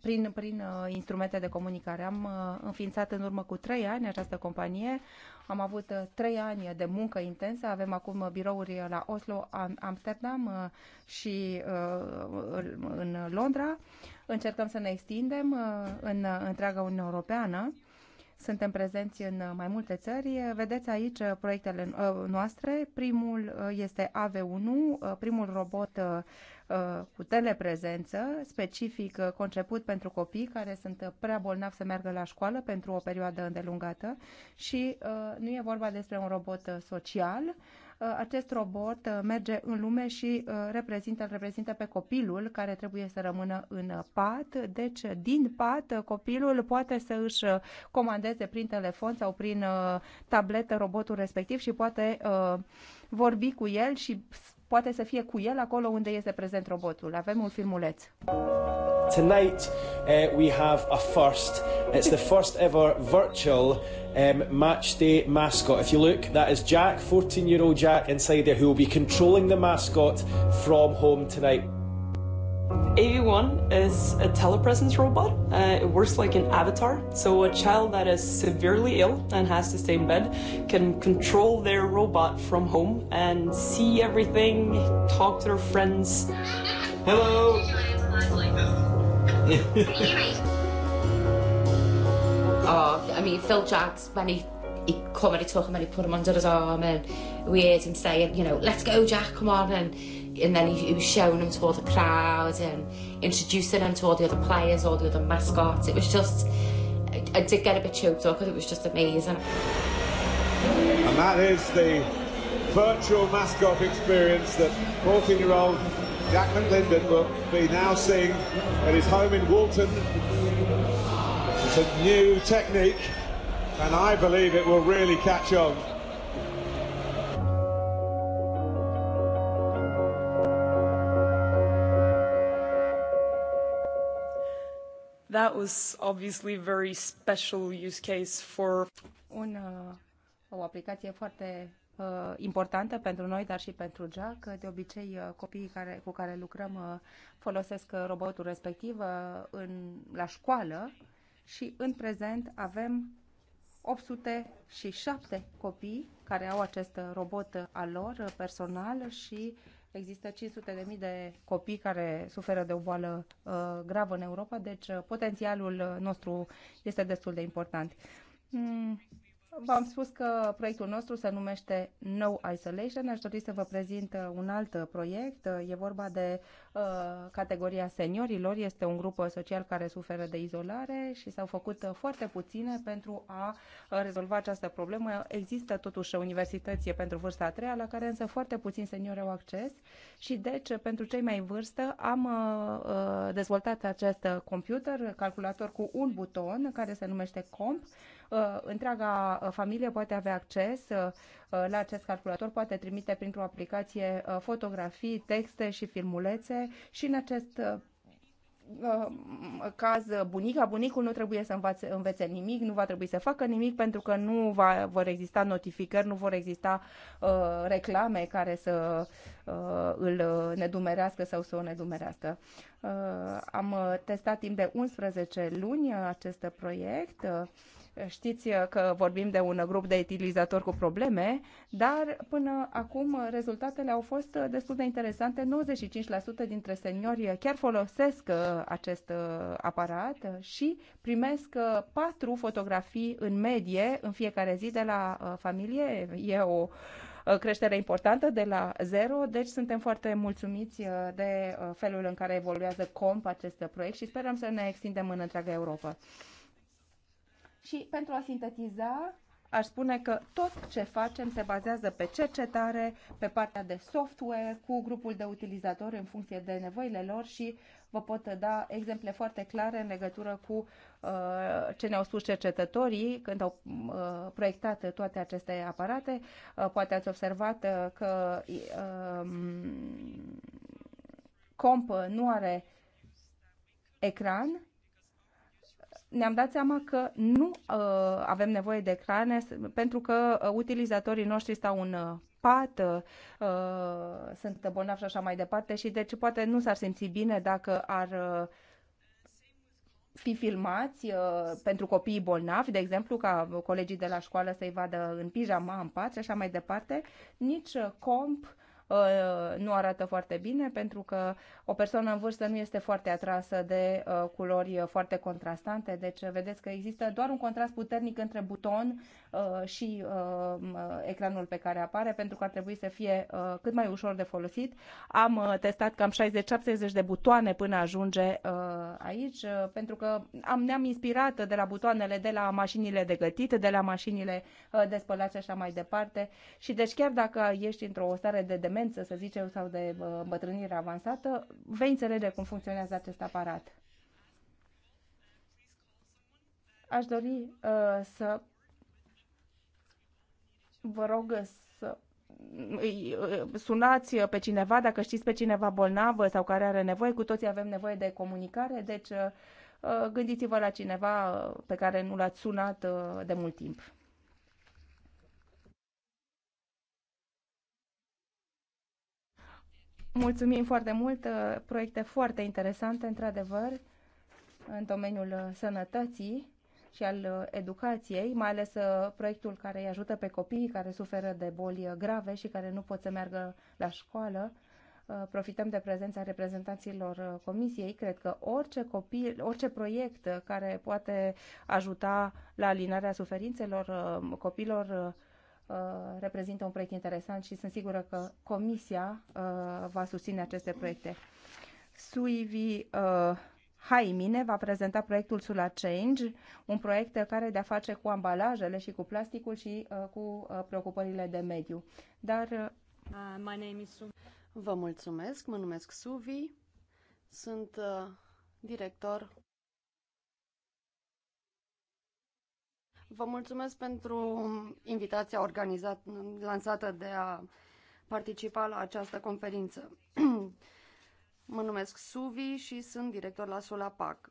prin, prin uh, instrumente de comunicare. Am uh, înființat în urmă cu trei ani această companie. Am avut trei ani de muncă intensă. Avem acum birouri la Oslo, Amsterdam și în Londra. Încercăm să ne extindem în întreaga Uniune Europeană suntem prezenți în uh, mai multe țări. Vedeți aici uh, proiectele uh, noastre. Primul este AV1, primul robot cu teleprezență, specific conceput pentru copii care sunt prea bolnavi să meargă la școală pentru o perioadă îndelungată și nu e vorba despre un robot social, Uh, acest robot uh, merge în lume și uh, reprezintă, îl reprezintă pe copilul care trebuie să rămână în pat. Deci, din pat, copilul poate să își comandeze prin telefon sau prin tabletă robotul respectiv și poate vorbi cu el și poate să fie cu el acolo unde este prezent robotul. Avem un filmuleț. Tonight uh, we have a first. It's the first ever virtual um, match day mascot. If you look, that is Jack, 14 year old Jack inside there, who will be controlling the mascot from home tonight. AV1 is a telepresence robot. Uh, it works like an avatar. So, a child that is severely ill and has to stay in bed can control their robot from home and see everything, talk to their friends. Hello! oh, I mean, Phil Jack's many he come and he took him and he put him under his arm and we heard him saying, you know, let's go Jack, come on. And, and then he, he was showing him to all the crowd and introducing him to all the other players, all the other mascots. It was just, I, I did get a bit choked up because it was just amazing. And that is the virtual mascot experience that 14-year-old Jack McLinden will be now seeing at his home in Walton. It's a new technique and I believe it will really catch on. That was obviously very special use case for un uh, o aplicație foarte uh, importantă pentru noi, dar și pentru Jack. De obicei, uh, copiii care, cu care lucrăm uh, folosesc uh, robotul respectiv uh, în, la școală și în prezent avem 807 copii care au acest robot al lor personal și există 500.000 de copii care suferă de o boală uh, gravă în Europa, deci uh, potențialul nostru este destul de important. Mm, V-am spus că proiectul nostru se numește No Isolation. Aș dori să vă prezint uh, un alt uh, proiect. Uh, e vorba de uh, categoria seniorilor. Este un grup social care suferă de izolare și s-au făcut foarte puține pentru a rezolva această problemă. Există totuși universități pentru vârsta a treia, la care însă foarte puțini seniori au acces și deci pentru cei mai vârstă am uh, dezvoltat acest computer, calculator cu un buton care se numește Comp Ă, întreaga ă, familie poate avea acces ă, la acest calculator, poate trimite printr-o aplicație fotografii, texte și filmulețe și în acest caz bunica, bunicul nu trebuie să învațe, învețe nimic, nu va trebui să facă nimic pentru că nu va, vor exista notificări, nu vor exista uh, reclame care să uh, îl nedumerească sau să o nedumerească. Uh, am testat timp de 11 luni acest proiect. Uh, Știți uh, că vorbim de un grup de utilizatori cu probleme, dar până acum rezultatele au fost uh, destul de interesante. 95% dintre seniori chiar folosesc uh, acest aparat și primesc patru fotografii în medie în fiecare zi de la familie. E o creștere importantă de la zero, deci suntem foarte mulțumiți de felul în care evoluează COMP acest proiect și sperăm să ne extindem în întreaga Europa. Și pentru a sintetiza, aș spune că tot ce facem se bazează pe cercetare, pe partea de software, cu grupul de utilizatori în funcție de nevoile lor și vă pot da exemple foarte clare în legătură cu uh, ce ne-au spus cercetătorii când au uh, proiectat toate aceste aparate. Uh, poate ați observat uh, că uh, comp nu are ecran, ne-am dat seama că nu uh, avem nevoie de ecrane pentru că uh, utilizatorii noștri stau în uh, pat, uh, sunt bolnavi și așa mai departe și deci poate nu s-ar simți bine dacă ar uh, fi filmați uh, pentru copiii bolnavi, de exemplu, ca colegii de la școală să-i vadă în pijama, în pat și așa mai departe. Nici uh, comp Uh, nu arată foarte bine pentru că o persoană în vârstă nu este foarte atrasă de uh, culori foarte contrastante, deci vedeți că există doar un contrast puternic între buton uh, și ecranul pe care apare pentru că ar trebui să fie cât mai ușor de folosit. Am testat cam 60-70 de butoane până ajunge aici pentru că am, ne-am inspirat de la butoanele de la mașinile de gătit, de la mașinile de spălat și așa mai departe și deci chiar dacă ești într-o stare de demență demență, să zicem, sau de îmbătrânire avansată, vei înțelege cum funcționează acest aparat. Aș dori uh, să vă rog să uh, sunați pe cineva, dacă știți pe cineva bolnavă sau care are nevoie, cu toții avem nevoie de comunicare, deci uh, uh, gândiți-vă la cineva pe care nu l-ați sunat de mult timp. Mulțumim foarte mult, uh, proiecte foarte interesante, într-adevăr, în domeniul uh, sănătății și al uh, educației, mai ales proiectul care îi ajută pe copiii care suferă de boli grave și care nu pot să meargă la școală. Profităm de prezența reprezentanților comisiei. Cred că orice copil, orice proiect care poate ajuta la alinarea suferințelor copilor Uh, reprezintă un proiect interesant și sunt sigură că Comisia uh, va susține aceste proiecte. Suivi uh, Haimine va prezenta proiectul Sula Change, un proiect care de-a face cu ambalajele și cu plasticul și cu preocupările de mediu. Dar... my name is Suvi. Vă mulțumesc, mă numesc Suvi, sunt director Vă mulțumesc pentru invitația organizat, lansată de a participa la această conferință. mă numesc Suvi și sunt director la Solapac.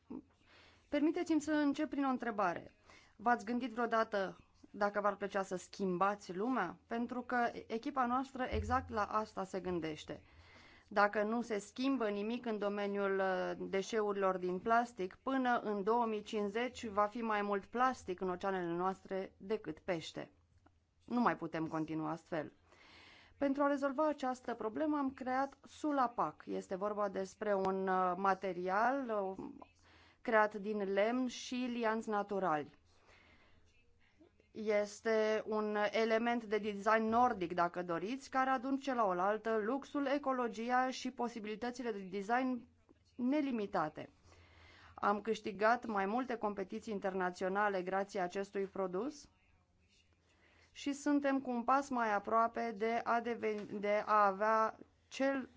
Permiteți-mi să încep prin o întrebare. V-ați gândit vreodată dacă v-ar plăcea să schimbați lumea? Pentru că echipa noastră exact la asta se gândește – dacă nu se schimbă nimic în domeniul uh, deșeurilor din plastic, până în 2050 va fi mai mult plastic în oceanele noastre decât pește. Nu mai putem continua astfel. Pentru a rezolva această problemă am creat Sulapac. Este vorba despre un uh, material uh, creat din lemn și lianți naturali. Este un element de design nordic, dacă doriți, care aduce la oaltă luxul, ecologia și posibilitățile de design nelimitate. Am câștigat mai multe competiții internaționale grație acestui produs și suntem cu un pas mai aproape de a, deveni, de a avea cel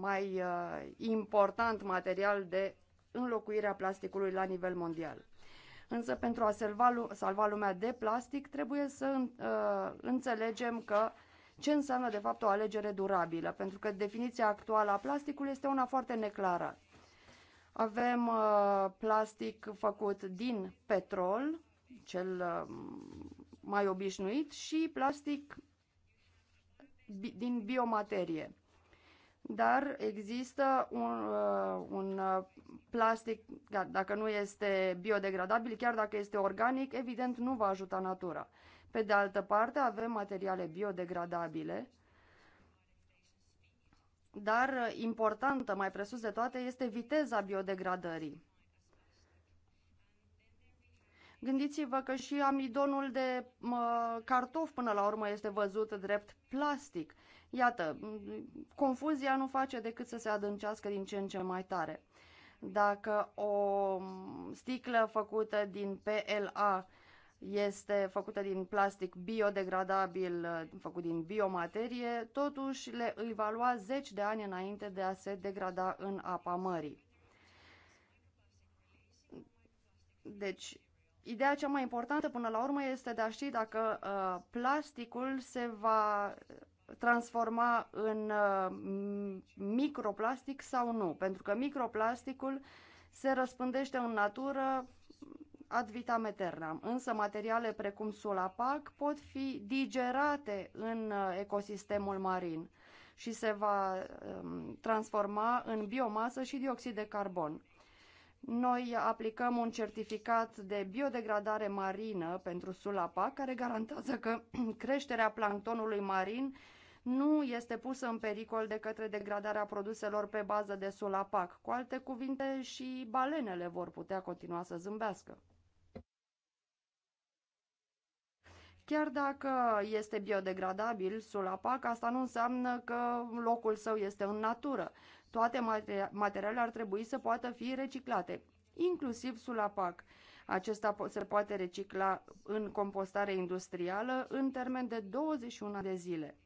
mai uh, important material de înlocuire a plasticului la nivel mondial. Însă pentru a salva, salva lumea de plastic trebuie să uh, înțelegem că ce înseamnă de fapt o alegere durabilă, pentru că definiția actuală a plasticului este una foarte neclară. Avem uh, plastic făcut din petrol, cel uh, mai obișnuit, și plastic bi din biomaterie dar există un, uh, un uh, plastic, da, dacă nu este biodegradabil, chiar dacă este organic, evident nu va ajuta natura. Pe de altă parte, avem materiale biodegradabile, dar importantă, mai presus de toate, este viteza biodegradării. Gândiți-vă că și amidonul de cartof până la urmă este văzut drept plastic Iată, confuzia nu face decât să se adâncească din ce în ce mai tare. Dacă o sticlă făcută din PLA este făcută din plastic biodegradabil, făcut din biomaterie, totuși le îi va lua 10 de ani înainte de a se degrada în apa mării. Deci, ideea cea mai importantă până la urmă este de a ști dacă uh, plasticul se va transforma în uh, microplastic sau nu, pentru că microplasticul se răspândește în natură ad vitam aeternam, însă materiale precum sulapac pot fi digerate în uh, ecosistemul marin și se va um, transforma în biomasă și dioxid de carbon. Noi aplicăm un certificat de biodegradare marină pentru sulapac, care garantează că creșterea planctonului marin nu este pusă în pericol de către degradarea produselor pe bază de sulapac. Cu alte cuvinte, și balenele vor putea continua să zâmbească. Chiar dacă este biodegradabil sulapac, asta nu înseamnă că locul său este în natură. Toate materialele ar trebui să poată fi reciclate, inclusiv sulapac. Acesta se poate recicla în compostare industrială în termen de 21 de zile.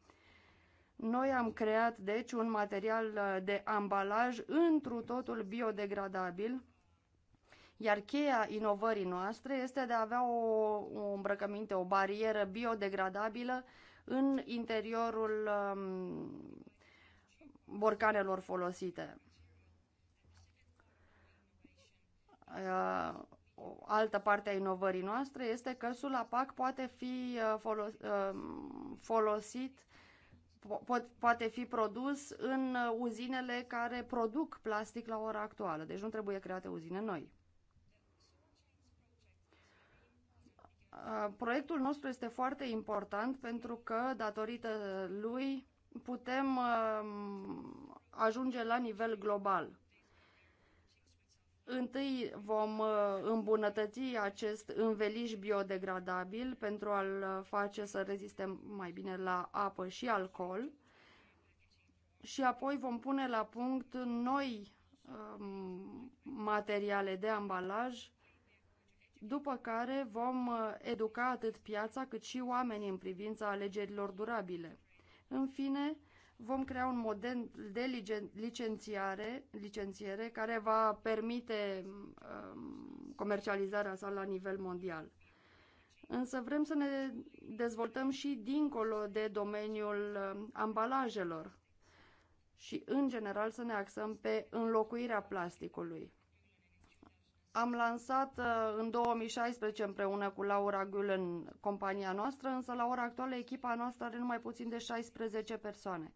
Noi am creat, deci, un material uh, de ambalaj întru totul biodegradabil, iar cheia inovării noastre este de a avea o, o îmbrăcăminte, o barieră biodegradabilă în interiorul um, borcanelor folosite. Uh, o altă parte a inovării noastre este că sulapac poate fi uh, folos, uh, folosit po- poate fi produs în uh, uzinele care produc plastic la ora actuală, deci nu trebuie create uzine noi. Uh, proiectul nostru este foarte important pentru că, datorită lui, putem uh, ajunge la nivel global. Întâi vom uh, îmbunătăți acest înveliș biodegradabil pentru a-l uh, face să reziste mai bine la apă și alcool și apoi vom pune la punct noi um, materiale de ambalaj, după care vom uh, educa atât piața cât și oamenii în privința alegerilor durabile. În fine, Vom crea un model de licențiare, licențiere care va permite um, comercializarea sa la nivel mondial. Însă vrem să ne dezvoltăm și dincolo de domeniul um, ambalajelor și, în general, să ne axăm pe înlocuirea plasticului. Am lansat uh, în 2016 împreună cu Laura în compania noastră, însă la ora actuală echipa noastră are numai puțin de 16 persoane.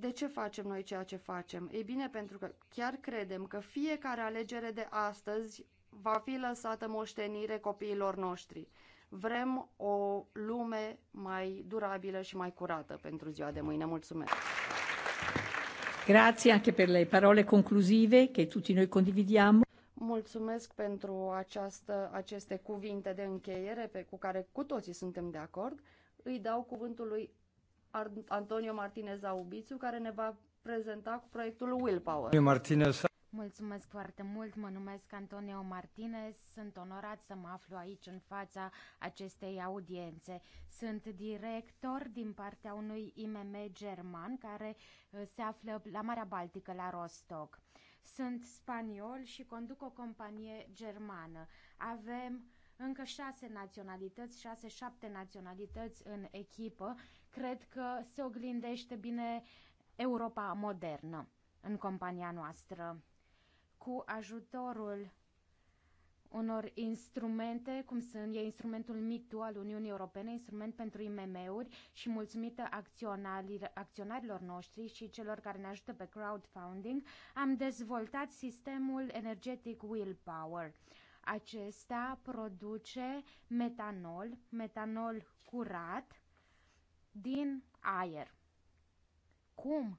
De ce facem noi ceea ce facem? Ei bine, pentru că chiar credem că fiecare alegere de astăzi va fi lăsată moștenire copiilor noștri. Vrem o lume mai durabilă și mai curată pentru ziua de mâine. Mulțumesc! Grazie anche per le parole conclusive che tutti noi condividiamo. Mulțumesc pentru această, aceste cuvinte de încheiere pe, cu care cu toții suntem de acord. Îi dau cuvântul lui Antonio Martinez Aubițiu, care ne va prezenta cu proiectul Willpower. Martinez. Mulțumesc foarte mult, mă numesc Antonio Martinez, sunt onorat să mă aflu aici în fața acestei audiențe. Sunt director din partea unui IMM german care uh, se află la Marea Baltică, la Rostock. Sunt spaniol și conduc o companie germană. Avem încă șase naționalități, șase-șapte naționalități în echipă cred că se oglindește bine Europa modernă în compania noastră. Cu ajutorul unor instrumente, cum sunt, e instrumentul MITU al Uniunii Europene, instrument pentru IMM-uri și mulțumită acționarilor noștri și celor care ne ajută pe crowdfunding, am dezvoltat sistemul energetic Willpower. Acesta produce metanol, metanol curat, din aer. Cum?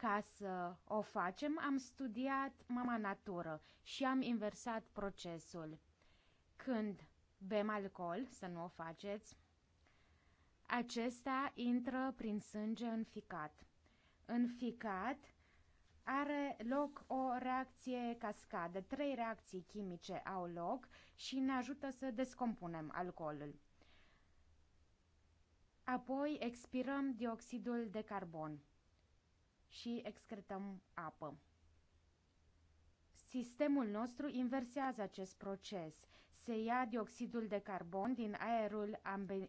Ca să o facem, am studiat mama natură și am inversat procesul. Când bem alcool, să nu o faceți, acesta intră prin sânge în ficat. În ficat are loc o reacție cascadă. Trei reacții chimice au loc și ne ajută să descompunem alcoolul. Apoi expirăm dioxidul de carbon și excretăm apă. Sistemul nostru inversează acest proces. Se ia dioxidul de carbon din aerul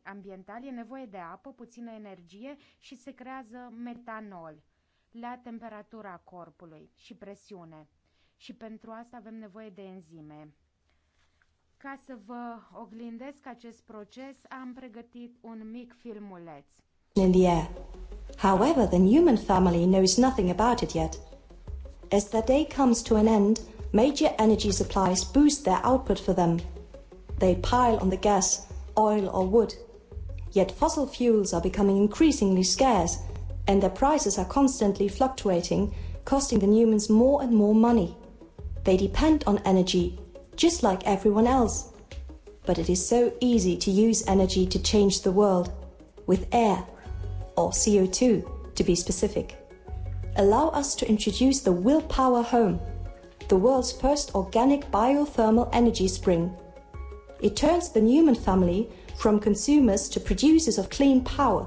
ambiental, e nevoie de apă, puțină energie și se creează metanol la temperatura corpului și presiune. Și pentru asta avem nevoie de enzime. Ca să vă oglindesc acest proces, am pregătit un mic filmuleț. In the air. However, the Newman family knows nothing about it yet. As the day comes to an end, major energy supplies boost their output for them. They pile on the gas, oil, or wood. Yet fossil fuels are becoming increasingly scarce, and their prices are constantly fluctuating, costing the Newmans more and more money. They depend on energy just like everyone else. But it is so easy to use energy to change the world, with air, or CO2 to be specific. Allow us to introduce the Willpower Home, the world's first organic biothermal energy spring. It turns the Newman family from consumers to producers of clean power.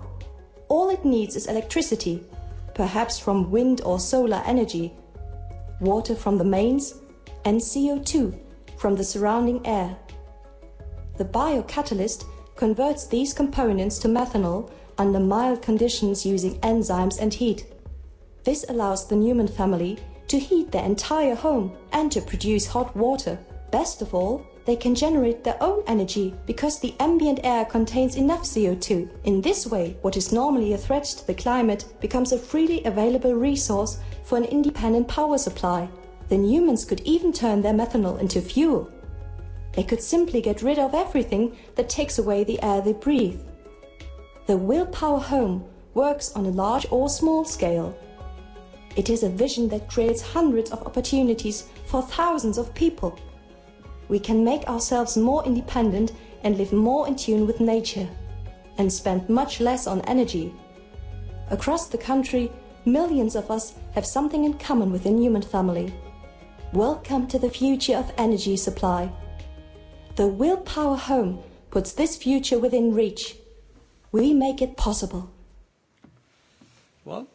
All it needs is electricity, perhaps from wind or solar energy, water from the mains, and CO2 from the surrounding air. The biocatalyst converts these components to methanol under mild conditions using enzymes and heat. This allows the Newman family to heat their entire home and to produce hot water. Best of all, they can generate their own energy because the ambient air contains enough CO2. In this way, what is normally a threat to the climate becomes a freely available resource for an independent power supply. Then humans could even turn their methanol into fuel. They could simply get rid of everything that takes away the air they breathe. The Willpower Home works on a large or small scale. It is a vision that creates hundreds of opportunities for thousands of people. We can make ourselves more independent and live more in tune with nature and spend much less on energy. Across the country, millions of us have something in common with the Newman family. Welcome to the future of energy supply. The Willpower Home puts this future within reach. We make it possible. Well,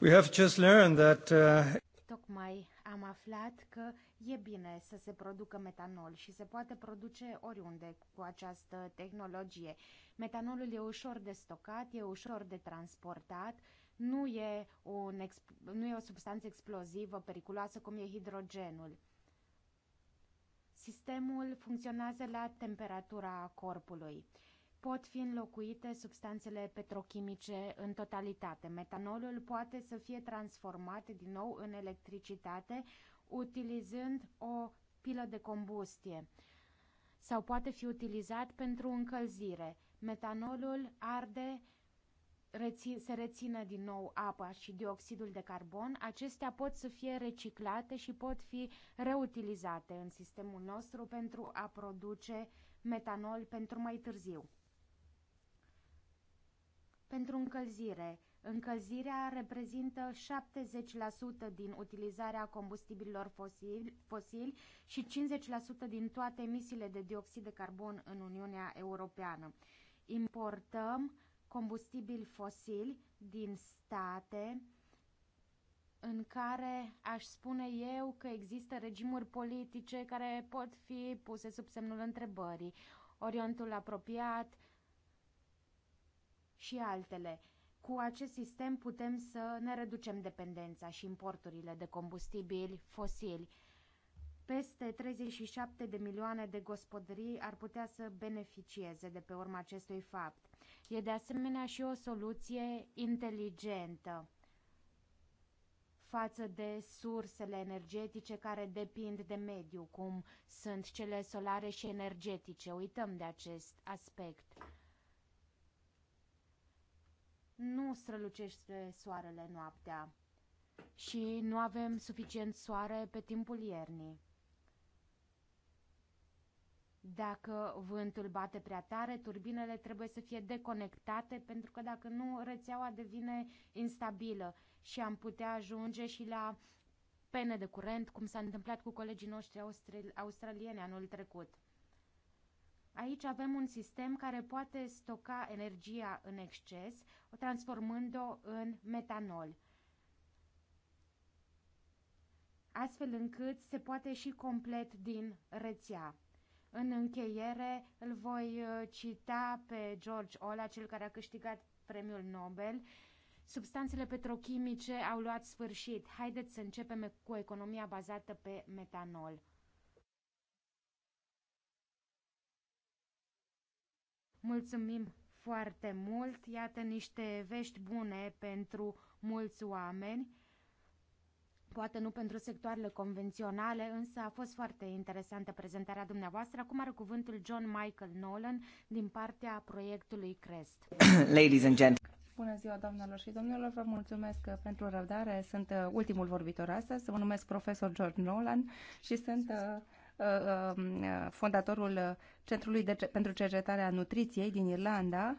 we have just learned that uh... Tocmai am aflat că e bine să se producă metanol și se poate produce oriunde cu această tehnologie. Metanolul e ușor de stocat, e ușor de transportat, nu e, un, nu e o substanță explozivă periculoasă cum e hidrogenul. Sistemul funcționează la temperatura corpului. Pot fi înlocuite substanțele petrochimice în totalitate. Metanolul poate să fie transformat din nou în electricitate utilizând o pilă de combustie sau poate fi utilizat pentru încălzire. Metanolul arde rețin, se rețină din nou apa și dioxidul de carbon, acestea pot să fie reciclate și pot fi reutilizate în sistemul nostru pentru a produce metanol pentru mai târziu. Pentru încălzire, încălzirea reprezintă 70% din utilizarea combustibililor fosili, fosili și 50% din toate emisiile de dioxid de carbon în Uniunea Europeană. Importăm combustibili fosili din state în care aș spune eu că există regimuri politice care pot fi puse sub semnul întrebării, Orientul apropiat și altele. Cu acest sistem putem să ne reducem dependența și importurile de combustibili fosili. Peste 37 de milioane de gospodării ar putea să beneficieze de pe urma acestui fapt. E de asemenea și o soluție inteligentă față de sursele energetice care depind de mediu, cum sunt cele solare și energetice. Uităm de acest aspect. Nu strălucește soarele noaptea și nu avem suficient soare pe timpul iernii. Dacă vântul bate prea tare, turbinele trebuie să fie deconectate pentru că dacă nu, rețeaua devine instabilă și am putea ajunge și la pene de curent, cum s-a întâmplat cu colegii noștri australieni anul trecut. Aici avem un sistem care poate stoca energia în exces, transformând-o în metanol astfel încât se poate și complet din rețea. În încheiere îl voi uh, cita pe George Ola, cel care a câștigat premiul Nobel. Substanțele petrochimice au luat sfârșit. Haideți să începem cu economia bazată pe metanol. Mulțumim foarte mult! Iată niște vești bune pentru mulți oameni poate nu pentru sectoarele convenționale, însă a fost foarte interesantă prezentarea dumneavoastră. Acum are cuvântul John Michael Nolan din partea proiectului CREST. Ladies and gentlemen. Bună ziua, doamnelor și domnilor, vă mulțumesc pentru răbdare. Sunt uh, ultimul vorbitor astăzi, mă numesc profesor George Nolan și sunt uh, uh, um, fondatorul Centrului de, pentru Cercetarea Nutriției din Irlanda.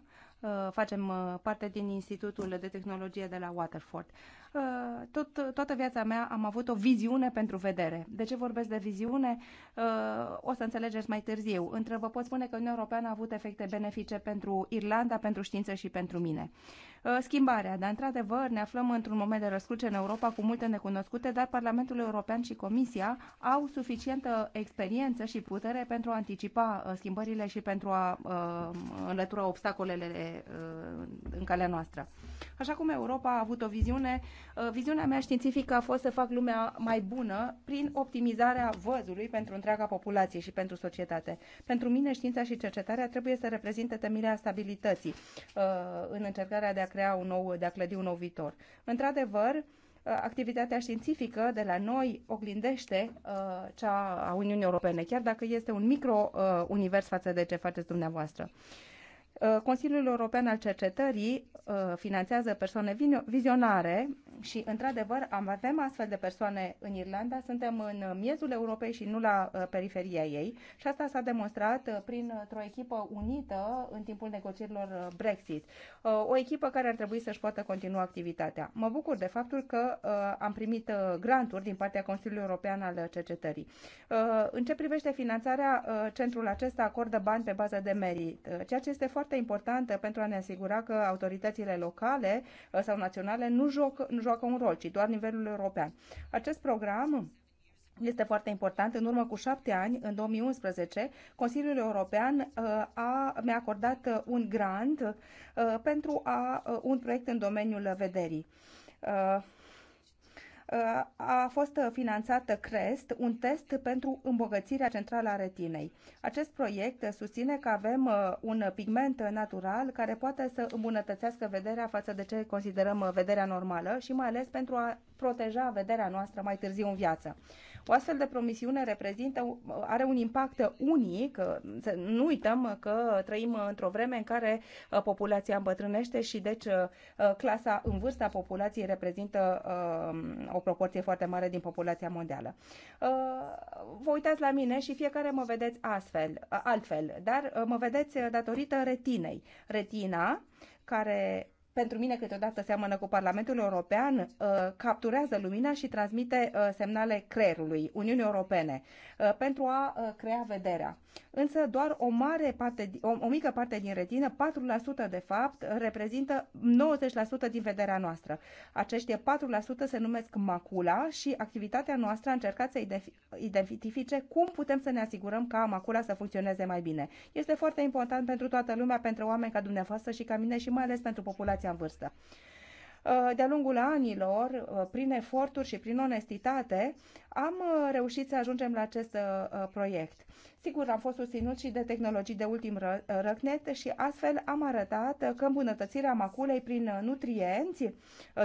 Facem parte din Institutul de Tehnologie de la Waterford. Eh, tot, toată viața mea am avut o viziune pentru vedere. De ce vorbesc de viziune? Eh, o să înțelegeți mai târziu. Între vă pot spune că Uniunea Europeană a avut efecte benefice pentru Irlanda, pentru știință și pentru mine. Eh, schimbarea, dar într-adevăr ne aflăm într-un moment de răscruce în Europa cu multe necunoscute, dar Parlamentul European și Comisia au suficientă experiență și putere pentru a anticipa schimbările și pentru a înlătura obstacolele în calea noastră. Așa cum Europa a avut o viziune, Uh, viziunea mea științifică a fost să fac lumea mai bună prin optimizarea văzului pentru întreaga populație și pentru societate. Pentru mine, știința și cercetarea trebuie să reprezinte temirea stabilității uh, în încercarea de a crea un nou, de a clădi un nou viitor. Într-adevăr, uh, activitatea științifică de la noi oglindește uh, cea a Uniunii Europene, chiar dacă este un micro uh, univers față de ce faceți dumneavoastră. Uh, Uh, Consiliul European al Cercetării uh, finanțează persoane vizionare și, într-adevăr, avem astfel de persoane în Irlanda. Suntem în miezul Europei și nu la uh, periferia ei și asta s-a demonstrat printr-o echipă unită în timpul negocierilor Brexit. O echipă care ar trebui să-și poată continua activitatea. Mă bucur de faptul că am primit granturi din partea Consiliului European al Cercetării. În ce privește finanțarea, centrul acesta acordă bani pe bază de merit, ceea ce este foarte foarte importantă pentru a ne asigura că autoritățile locale uh, sau naționale nu, joc, nu joacă un rol, ci doar nivelul european. Acest program este foarte important. În urmă cu șapte ani, în 2011, Consiliul European uh, a, mi-a acordat uh, un grant pentru a, un proiect în domeniul vederii Uh, a fost finanțată CREST, un test pentru îmbogățirea centrală a retinei. Acest proiect susține că avem uh, un pigment natural care poate să îmbunătățească vederea față de ce considerăm uh, vederea normală și mai ales pentru a proteja vederea noastră mai târziu în viață. O astfel de promisiune reprezintă, are un impact unic. Nu uităm că trăim într-o vreme în care uh, populația îmbătrânește și deci uh, clasa în vârsta populației reprezintă um, o proporție foarte mare din populația mondială. Uh, vă uitați la mine și fiecare mă vedeți astfel, altfel, dar mă vedeți datorită retinei. Retina care pentru mine câteodată seamănă cu Parlamentul European, uh, capturează lumina și transmite uh, semnale creierului Uniunii Europene uh, pentru a crea vederea. Însă doar o mare parte, o, o mică parte din retină, 4% de fapt, reprezintă 90% din vederea noastră. Acești 4% se numesc macula și activitatea noastră a încercat să identifice cum putem să ne asigurăm ca macula să funcționeze mai bine. Este foarte important pentru toată lumea, pentru oameni ca dumneavoastră și ca mine și mai ales pentru populația populația în vârstă. Uh, de-a lungul anilor, uh, prin eforturi și prin onestitate, am uh, reușit să ajungem la acest proiect. Sigur, am fost susținut și de tehnologii de ultim ră răcnet și astfel am arătat că îmbunătățirea maculei prin nutrienți,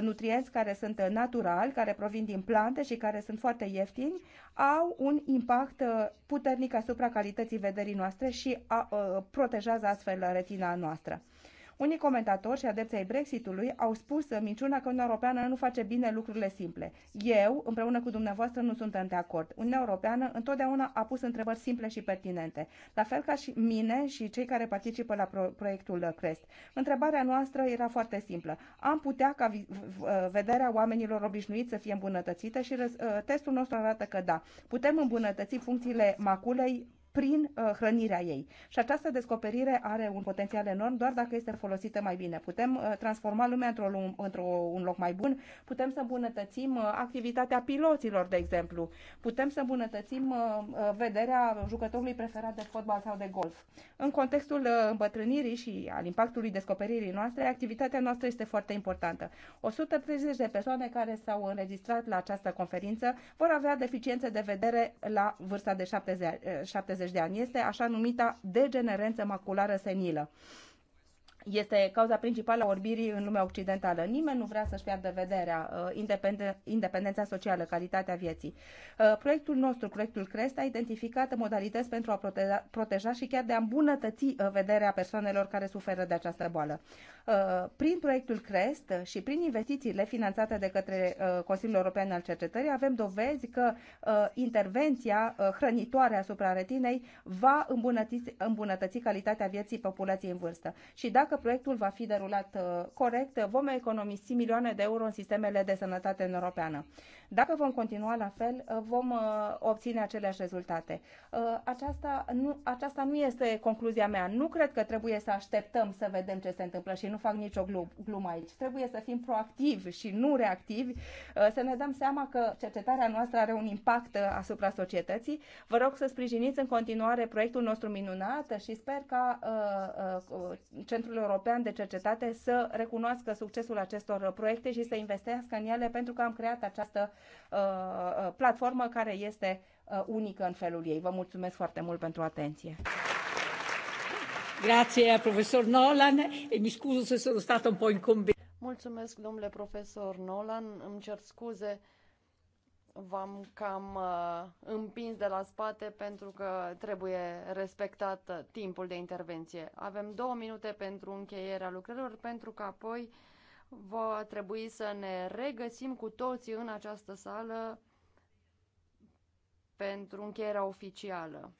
nutrienți care sunt naturali, care provin din plante și care sunt foarte ieftini, au un impact puternic asupra calității vederii noastre și a, a, protejează astfel retina noastră. Unii comentatori și adepții Brexitului au spus minciuna că Uniunea Europeană nu face bine lucrurile simple. Eu, împreună cu dumneavoastră, nu suntem de acord. Uniunea Europeană întotdeauna a pus întrebări simple și pertinente, la fel ca și mine și cei care participă la pro- proiectul CREST. Întrebarea noastră era foarte simplă. Am putea ca vederea oamenilor obișnuiți să fie îmbunătățită și ă, testul nostru arată că da. Putem îmbunătăți funcțiile maculei prin uh, hrănirea ei. Și această descoperire are un potențial enorm doar dacă este folosită mai bine. Putem uh, transforma lumea într-un -o, într -o, un loc mai bun, putem să îmbunătățim uh, activitatea piloților, de exemplu, putem să îmbunătățim uh, uh, vederea jucătorului preferat de fotbal sau de golf. În contextul uh, îmbătrânirii și al impactului descoperirii noastre, activitatea noastră este foarte importantă. 130 de persoane care s-au înregistrat la această conferință vor avea deficiențe de vedere la vârsta de 70 70 de ani. Este așa numita degenerență maculară senilă este cauza principală a orbirii în lumea occidentală. Nimeni nu vrea să-și piardă vederea uh, independența socială, calitatea vieții. Uh, proiectul nostru, proiectul CREST, a identificat modalități pentru a proteja, proteja și chiar de a îmbunătăți uh, vederea persoanelor care suferă de această boală. Prin proiectul CREST și prin investițiile finanțate de către Consiliul European al Cercetării, avem dovezi că intervenția hrănitoare asupra retinei va îmbunătăți, îmbunătăți calitatea vieții populației în vârstă. Și dacă dacă proiectul va fi derulat uh, corect, vom economisi milioane de euro în sistemele de sănătate în europeană. Dacă vom continua la fel, uh, vom uh, obține aceleași rezultate. Aceasta nu, aceasta nu este concluzia mea. Nu cred că trebuie să așteptăm să vedem ce se întâmplă și nu fac nicio glumă aici. Trebuie să fim proactivi și nu reactivi, să ne dăm seama că cercetarea noastră are un impact asupra societății. Vă rog să sprijiniți în continuare proiectul nostru minunat și sper ca Centrul European de Cercetate să recunoască succesul acestor proiecte și să investească în ele pentru că am creat această uh, uh, platformă care este uh, unică în felul ei. Vă mulțumesc foarte mult pentru atenție. Grazie, profesor Nolan, e mi se sono un po' Mulțumesc, domnule profesor Nolan. Îmi cer scuze v-am cam uh, împins de la spate pentru că trebuie respectat uh, timpul de intervenție. Avem două minute pentru încheierea lucrărilor, pentru că apoi va trebui să ne regăsim cu toții în această sală pentru încheierea oficială.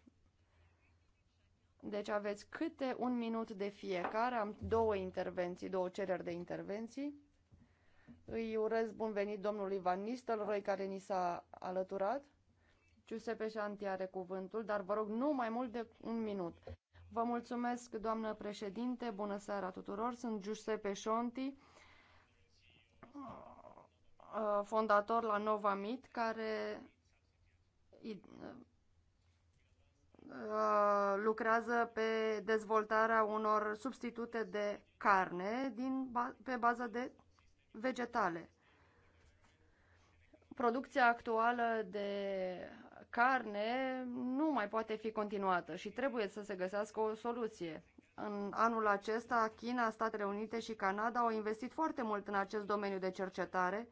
Deci aveți câte un minut de fiecare, am două intervenții, două cereri de intervenții. Îi urez bun venit domnului Van Nistelrooy care ni s-a alăturat. Giuseppe Șanti are cuvântul, dar vă rog nu mai mult de un minut. Vă mulțumesc, doamnă președinte, bună seara tuturor, sunt Giuseppe Șanti, uh, fondator la Nova Mit, care uh, lucrează pe dezvoltarea unor substitute de carne din, pe bază de vegetale. Producția actuală de carne nu mai poate fi continuată și trebuie să se găsească o soluție. În anul acesta, China, Statele Unite și Canada au investit foarte mult în acest domeniu de cercetare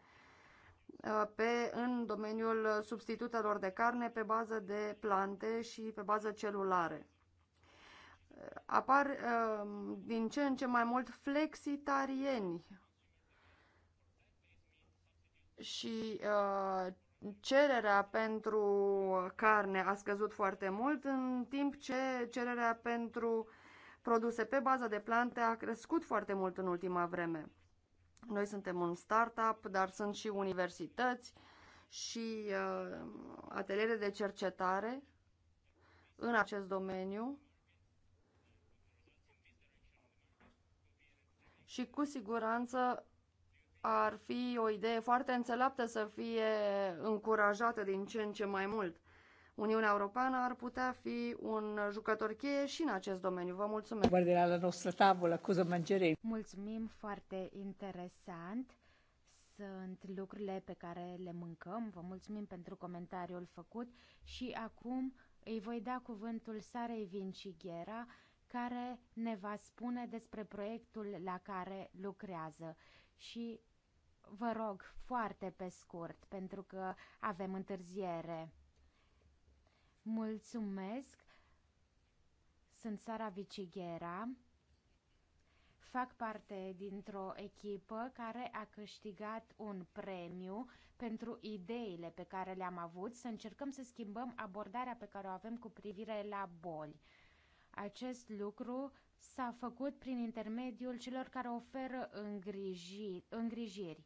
uh, pe, în domeniul substitutelor de carne pe bază de plante și pe bază celulare. Apar uh, din ce în ce mai mult flexitarieni, și uh, cererea pentru carne a scăzut foarte mult, în timp ce cererea pentru produse pe bază de plante a crescut foarte mult în ultima vreme. Noi suntem un startup, dar sunt și universități și uh, ateliere de cercetare în acest domeniu. Și cu siguranță ar fi o idee foarte înțeleaptă să fie încurajată din ce în ce mai mult. Uniunea Europeană ar putea fi un jucător cheie și în acest domeniu. Vă mulțumesc! Guardi la noastră tabulă, cu mangerei! Mulțumim, foarte interesant! Sunt lucrurile pe care le mâncăm. Vă mulțumim pentru comentariul făcut și acum îi voi da cuvântul Sarei Vincighera, care ne va spune despre proiectul la care lucrează și Vă rog, foarte pe scurt, pentru că avem întârziere. Mulțumesc. Sunt Sara Vicighera. Fac parte dintr-o echipă care a câștigat un premiu pentru ideile pe care le-am avut, să încercăm să schimbăm abordarea pe care o avem cu privire la boli. Acest lucru s-a făcut prin intermediul celor care oferă îngriji, îngrijiri.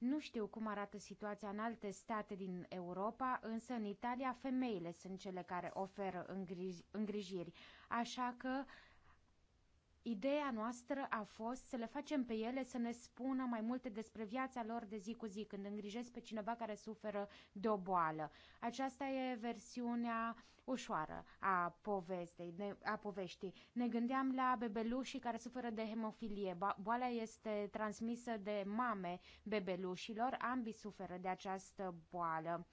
Nu știu cum arată situația în alte state din Europa, însă în Italia femeile sunt cele care oferă îngriji, îngrijiri. Așa că Ideea noastră a fost să le facem pe ele să ne spună mai multe despre viața lor de zi cu zi, când îngrijesc pe cineva care suferă de o boală. Aceasta e versiunea ușoară a, povestei, a poveștii. Ne gândeam la bebelușii care suferă de hemofilie. Boala este transmisă de mame bebelușilor, ambii suferă de această boală.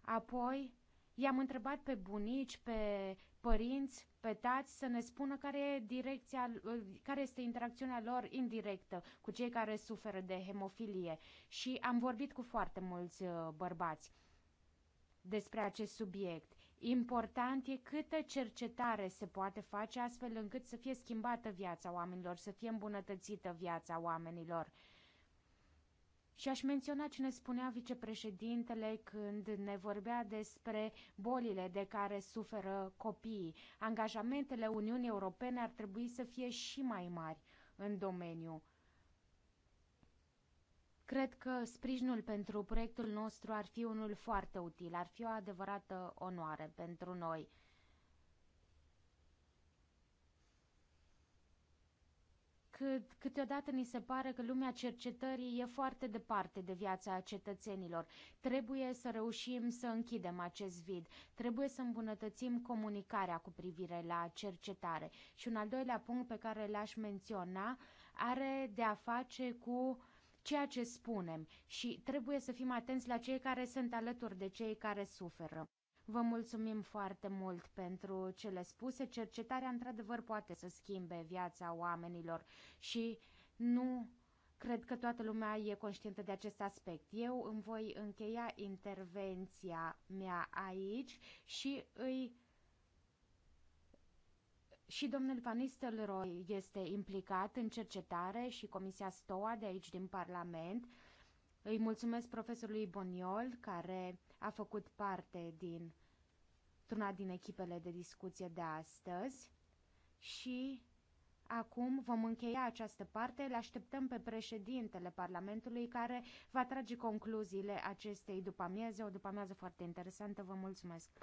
Apoi, I-am întrebat pe bunici, pe părinți, pe tați să ne spună care, e direcția, care este interacțiunea lor indirectă cu cei care suferă de hemofilie și am vorbit cu foarte mulți uh, bărbați despre acest subiect. Important e câtă cercetare se poate face astfel încât să fie schimbată viața oamenilor, să fie îmbunătățită viața oamenilor. Și aș menționa ce ne spunea vicepreședintele când ne vorbea despre bolile de care suferă copiii. Angajamentele Uniunii Europene ar trebui să fie și mai mari în domeniu. Cred că sprijinul pentru proiectul nostru ar fi unul foarte util, ar fi o adevărată onoare pentru noi. cât, câteodată ni se pare că lumea cercetării e foarte departe de viața cetățenilor. Trebuie să reușim să închidem acest vid, trebuie să îmbunătățim comunicarea cu privire la cercetare. Și un al doilea punct pe care l-aș menționa are de a face cu ceea ce spunem și trebuie să fim atenți la cei care sunt alături de cei care suferă. Vă mulțumim foarte mult pentru cele spuse. Cercetarea, într-adevăr, poate să schimbe viața oamenilor și nu cred că toată lumea e conștientă de acest aspect. Eu îmi voi încheia intervenția mea aici și îi și domnul Van Nistelrooy este implicat în cercetare și Comisia STOA de aici din Parlament. Îi mulțumesc profesorului Boniol care a făcut parte din într-una din echipele de discuție de astăzi și acum vom încheia această parte. Le așteptăm pe președintele Parlamentului care va trage concluziile acestei după amiază, o după amiază foarte interesantă. Vă mulțumesc!